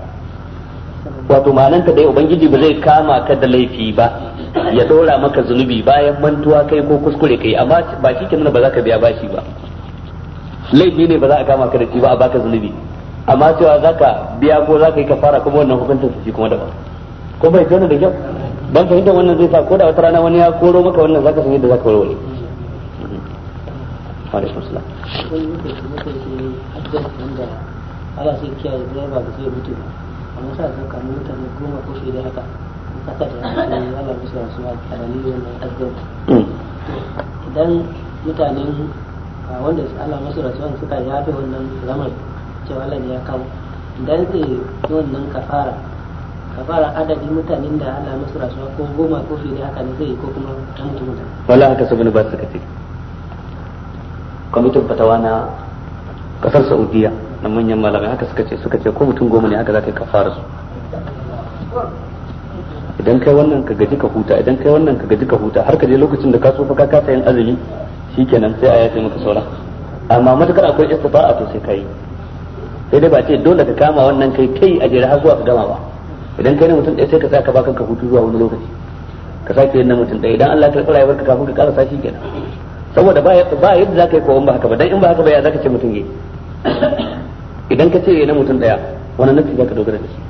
wato ma'ananta dai ubangiji ba zai kama ka da laifi ba ya dora maka zunubi bayan mantuwa kai ko kuskure kai amma ba shi ke nuna ba za ka biya bashi ba laifi ne ba za a kama ka da shi ba a baka zunubi amma cewa za ka biya ko za ka yi kafara kuma wannan hukuncin su shi kuma daban ko bai tona da kyau ban fahimta wannan zai sa ko da wata rana wani ya koro maka wannan ka san yadda za warware alaikum salam sai kiyaye direba mutu ba amma ka mutane goma ko haka yi da ala idan mutanen wanda Allah masu rasuwan suka yafe wannan lamar cewa Allah ne ya kawo idan zai yi wannan kafara kafara adadin mutanen da Allah masu rasuwa ko goma ko fili da haka ne zai ko kuma ta mutu mutane wala haka sabon ba su ka kace kwamitin fatawa na kasar saudiya na manyan malamai haka suka ce suka ce ko mutum goma ne haka za ka yi kafara su idan kai wannan ka gaji ka huta idan kai wannan ka gaji ka huta har ka je lokacin da ka so fa ka kasa yin azumi shikenan sai a yace maka sauran amma matakar akwai istita'a to sai kai sai dai ba ce dole ka kama wannan kai kai a jere har zuwa ka gama ba idan kai ne mutum ɗaya sai ka sa ka baka ka hutu zuwa wani lokaci ka sake yin na mutum ɗaya idan Allah ya karɓi rayuwar ka kafin ka karasa shi kenan saboda ba yadda za ka yi kowan ba haka ba dan in ba haka ba ya za ka ce mutum ya idan ka ce na mutum ɗaya wani nufi za ka dogara da shi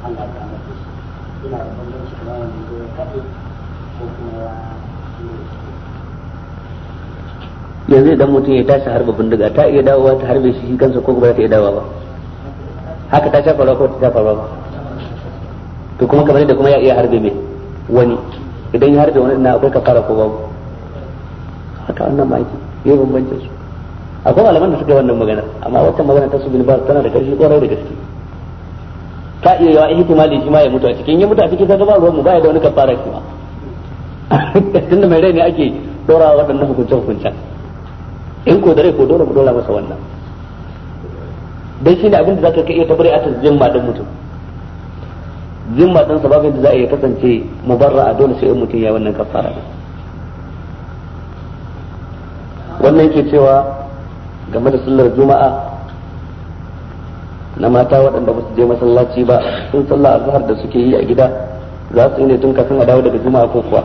Allah ya amince shi ina da bambanci kuma wanda ya kaɗe ko kuma yanzu idan mutum ya tashi harba bindiga ta iya dawowa ta harbe shi kansa ko kuma ta iya dawowa ba haka ta sha faruwa ko ta sha faruwa ba to kuma kamar da kuma ya iya harbe mai wani idan ya harbe wani na akwai kafara ko babu haka wannan ma yake yayi bambancin su akwai malaman da suka yi wannan magana amma wata magana ta su bin ba tana da karshe ƙwarai da gaske ka iya yawa ihtimali shi ma ya mutu a cikin ya mutu a cikin kaga ba ruwan mu baya da wani kafara shi ma tunda mai rai ne ake dora waɗannan hukunce hukuncen in ko da rai ko dole mu dora masa wannan shi ne abin da zaka iya tabbari a zimma din mutum zimma din sababin da za a iya kasance mubarra a dole sai in mutum ya wannan kafara wannan ke cewa game da sallar juma'a na mata waɗanda ba su je masallaci ba sun sallah azhar da suke yi a gida za su ne tun kafin a dawo daga juma'a ko kuwa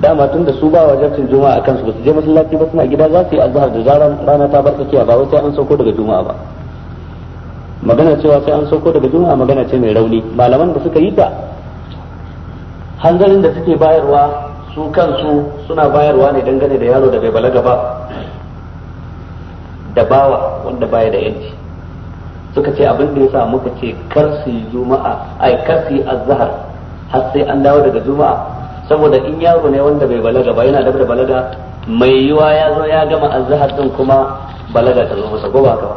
dama tun da su ba wajabcin juma'a a kansu ba su je masallaci ba suna gida za su yi azhar da zaran rana ta bar tsakiya ba wai sai an sauko daga juma'a ba magana cewa sai an sauko daga juma'a magana ce mai rauni malaman da suka yi ta hanzarin da suke bayarwa su kansu suna bayarwa ne dangane da yaro da bai balaga ba da bawa wanda baya da yanci suka ce abin da ya sa muka ce kar su yi juma'a ai kar su yi azhar har sai an dawo daga juma'a saboda in yaro ne wanda bai balaga ba yana da balaga mai yiwa ya zo ya gama azhar din kuma balaga ta zo masa ko ba ba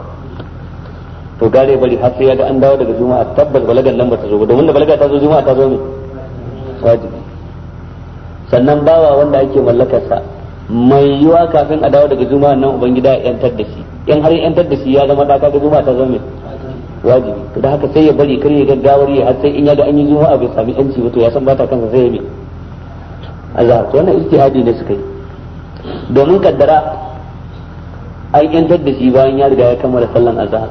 to gare bari har sai ya ga an dawo daga juma'a tabbas balagan nan ba ta zo ba domin da balaga ta zo juma'a ta zo ne wajibi sannan bawa wanda ake mallakarsa mai yiwa kafin a dawo daga juma'a nan ubangida ya yantar da shi in har yantar da shi ya zama daka kaga juma'a ta zo ne wajibi to da haka sai ya bari kar ya gaggawar ya har sai in ya ga an yi abu ya sami yanci ba to ya san bata kansa sai ya bi Allah to wannan ijtihadi ne suka yi domin kaddara an yantar da shi bayan ya riga ya kammala sallan azhar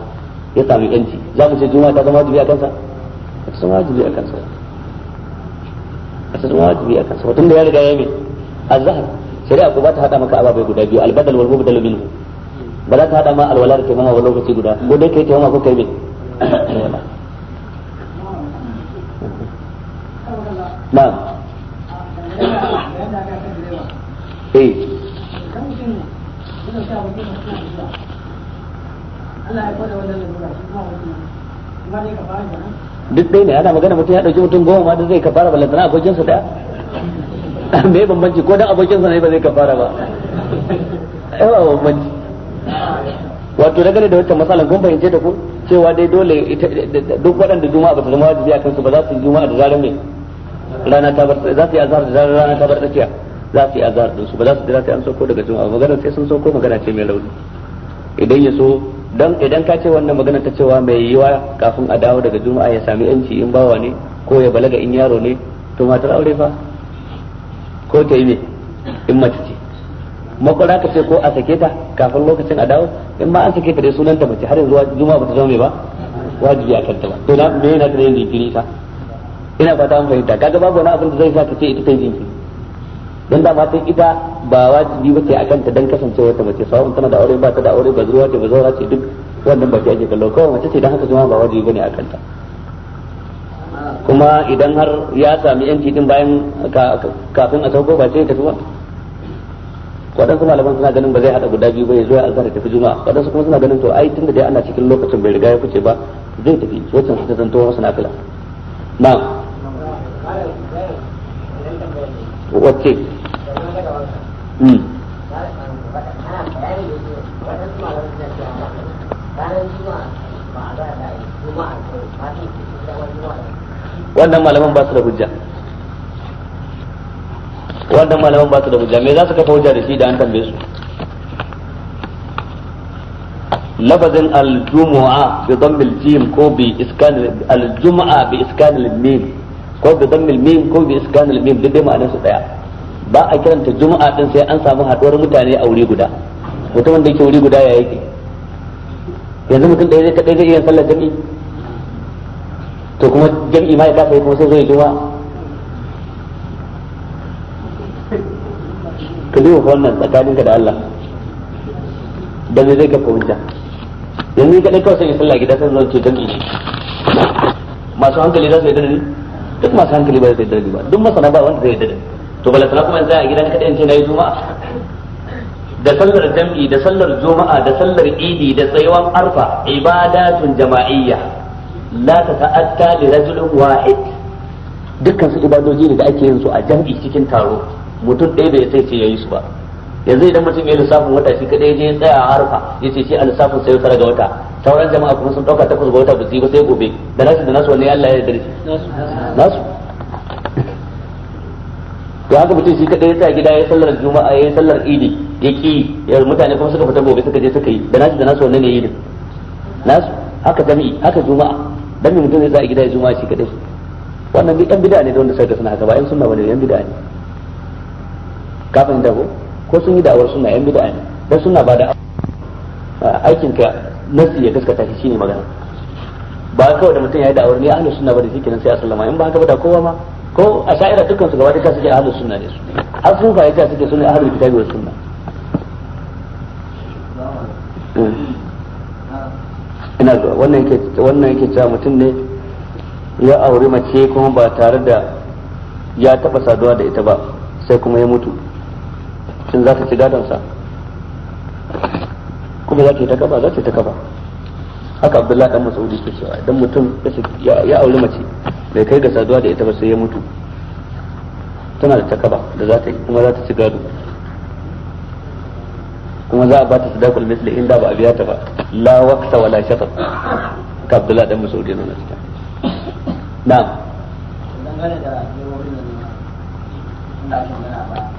ya sami yanci za mu ce juma ta zama wajibi a kansa ta zama wajibi a kansa ta zama wajibi a kansa tunda ya riga ya yi azhar shari'a ko ba ta hada maka ababai guda biyu albadal wal mubdal minhu ba za ta hada ma alwala da taimama ba lokaci guda ko dai kai taimama ko kai mai na'am eh. duk dai ne ana magana mutum ya ɗauki mutum goma ma da zai kafara abokin sa ɗaya me bambanci ko dan sa ne ba zai kafara ba ai ba bambanci wato dangane da wata matsalan kun fahimce ta ku cewa dai dole duk waɗanda juma'a ba ta zama wajibi a kansu ba za su yi juma'a da zarar mai rana ta bar za su yi azhar da zarar rana ta bar tsakiya za su yi azhar din su ba za su jira sai an sauko daga juma'a magana sai sun sauko magana ce mai rauni idan ya so dan idan ka ce wannan magana ta cewa mai yiwa kafin a dawo daga juma'a ya sami yanci in bawa ne ko ya balaga in yaro ne to matar aure fa ko ta yi me in mace ce makwara ka ce ko a sake ta kafin lokacin a dawo in ma an sake ta dai ta mace har yanzu juma'a bata zama mai ba wajibi a kanta ba to na me yana ta yin jinkiri ta ina fata an fahimta kaga babu wani abin da zai sa ta ce ita ta jinkiri dan da matan ita ba wajibi ba ce a kanta dan kasancewar ta mace sawun tana da aure ba ta da aure ba zuwa ce ba zaura ce duk wannan ba ta ake kallo kawai mace ce dan haka juma'a ba wajibi bane a kanta kuma idan har ya sami yanci din bayan kafin a sauko ba sai ta tuba waɗansu malaman suna ganin ba zai haɗa guda biyu ba ya zo ya azhar tafi juma'a waɗansu kuma suna ganin to ai tunda dai ana cikin lokacin bai riga ya fice ba zai tafi su ta zanto wasu fila na wacce hmm. wannan malaman ba su da hujja wannan malaman ba su da hujja me za su kafa hujja da shi da an tambaye su lafazin aljumu'a bi dhammil jim ko bi iskan aljumu'a bi iskan mim ko bi dhammil mim ko bi iskan mim duk dai ma'anar su daya ba a kiranta juma'a din sai an samu haduwar mutane a wuri guda mutumin da yake wuri guda ya yake yanzu mutum ɗaya zai kaɗai zai iya sallar jami'i to kuma jami'i ma ya kafa kuma sai zai juma'a ka zai wafa wannan tsakaninka da Allah da zai ka fahimta yanzu ka dai kawai sanya sallah gida sai zai ce ne masu hankali za su yi dadari duk masu hankali ba su yi dadari ba duk masana ba wanda zai yi dadari to bala sana kuma yanzu a gidan kaɗai ce na yi juma'a da sallar jam'i da sallar juma'a da sallar idi da tsayuwan arfa ibadatun jama'iyya la ta ta'atta li rajulin wahid dukkan su ibadoji ne da ake yin su a jam'i cikin taro mutum ɗaya bai sai ce ya yi su ba yanzu idan mutum ya lissafin wata shi kadai je tsaya a harfa ya ce shi a lissafin sai tara ga wata sauran jama'a kuma sun ɗauka takwas ga wata ba su yi ba sai gobe da nasu da nasu wani Allah ya yarda nasu to haka mutum shi kadai ya tsaya gida ya sallar juma'a ya sallar idi ya ki ya mutane kuma suka fita gobe suka je suka yi da nasu da nasu wani ne yi nasu haka jami'i haka juma'a dan mutum zai tsaya gida ya juma'a shi kadai wannan duk yan bid'a ne da wanda sai da suna haka ba yan sunna bane yan bid'a ne kafin da ko sun yi da'awar suna yan bid'a ne dan suna ba da aikin ka nasi ya gaskata shi shine magana ba kawai da mutum ya yi da'awar ne ahlus sunna ba da shikenan sai a sallama in ba haka ba da kowa ma ko a sha'ira dukkan su gaba da suke ahlus sunna ne su har sun fa yace suke sunna ahlul kitabi was sunna eh. ina zuwa wannan yake wannan yake cewa mutum ne ya aure mace kuma ba tare da ya taba saduwa da ita ba sai kuma ya mutu shin za ta ci gadonsa kuma za ta yi ta kafa za ta yi ta kafa haka abdullahi dan masaudi ke cewa idan mutum ya auri mace bai kai ga saduwa da ita ba sai ya mutu tana da takaba da za ta yi kuma za ta ci gado kuma za a ba ta sadakul misli inda ba a biya ta ba la waqta wala shatat ka abdullahi dan masaudi nan cikin na'am da ne na ba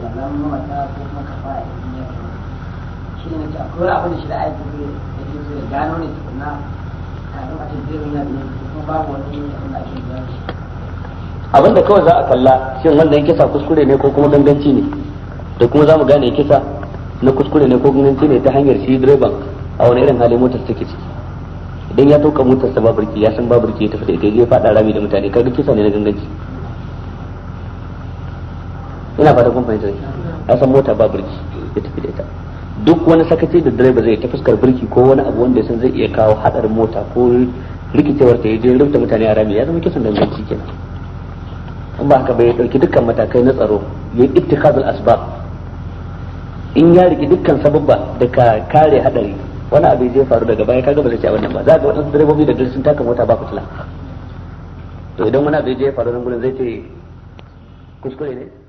ko a abin da a kuma babu kawai za a kalla shin wannan kisa kuskure ne ko kuma ganganci ne da kuma za mu gane kisa na kuskure ne ko ganganci ne ta hanyar shi direban a wani irin hali motar take ciki idan ya toka motar sa baburki ya san baburki ya tafi da ita ya faɗa rami da mutane kaga kisa ne na ganganci ina fata kun fahimta a san mota ba birki ya tafi da ita duk wani sakaci da direba zai ta fuskar birki ko wani abu wanda san zai iya kawo hadarin mota ko rikicewar ta yaje rubuta mutane a rami ya zama kisan danganci kenan an ba haka bai dauki dukkan matakai na tsaro ya ittikazul asbab in ya riki dukkan sababba da ka kare hadari wani abu zai faru daga baya kaga ba zai ci a wannan ba za ga wadansu direbobi da sun taka mota ba fitila to idan wani abu zai faru nan gurin zai ce kuskure ne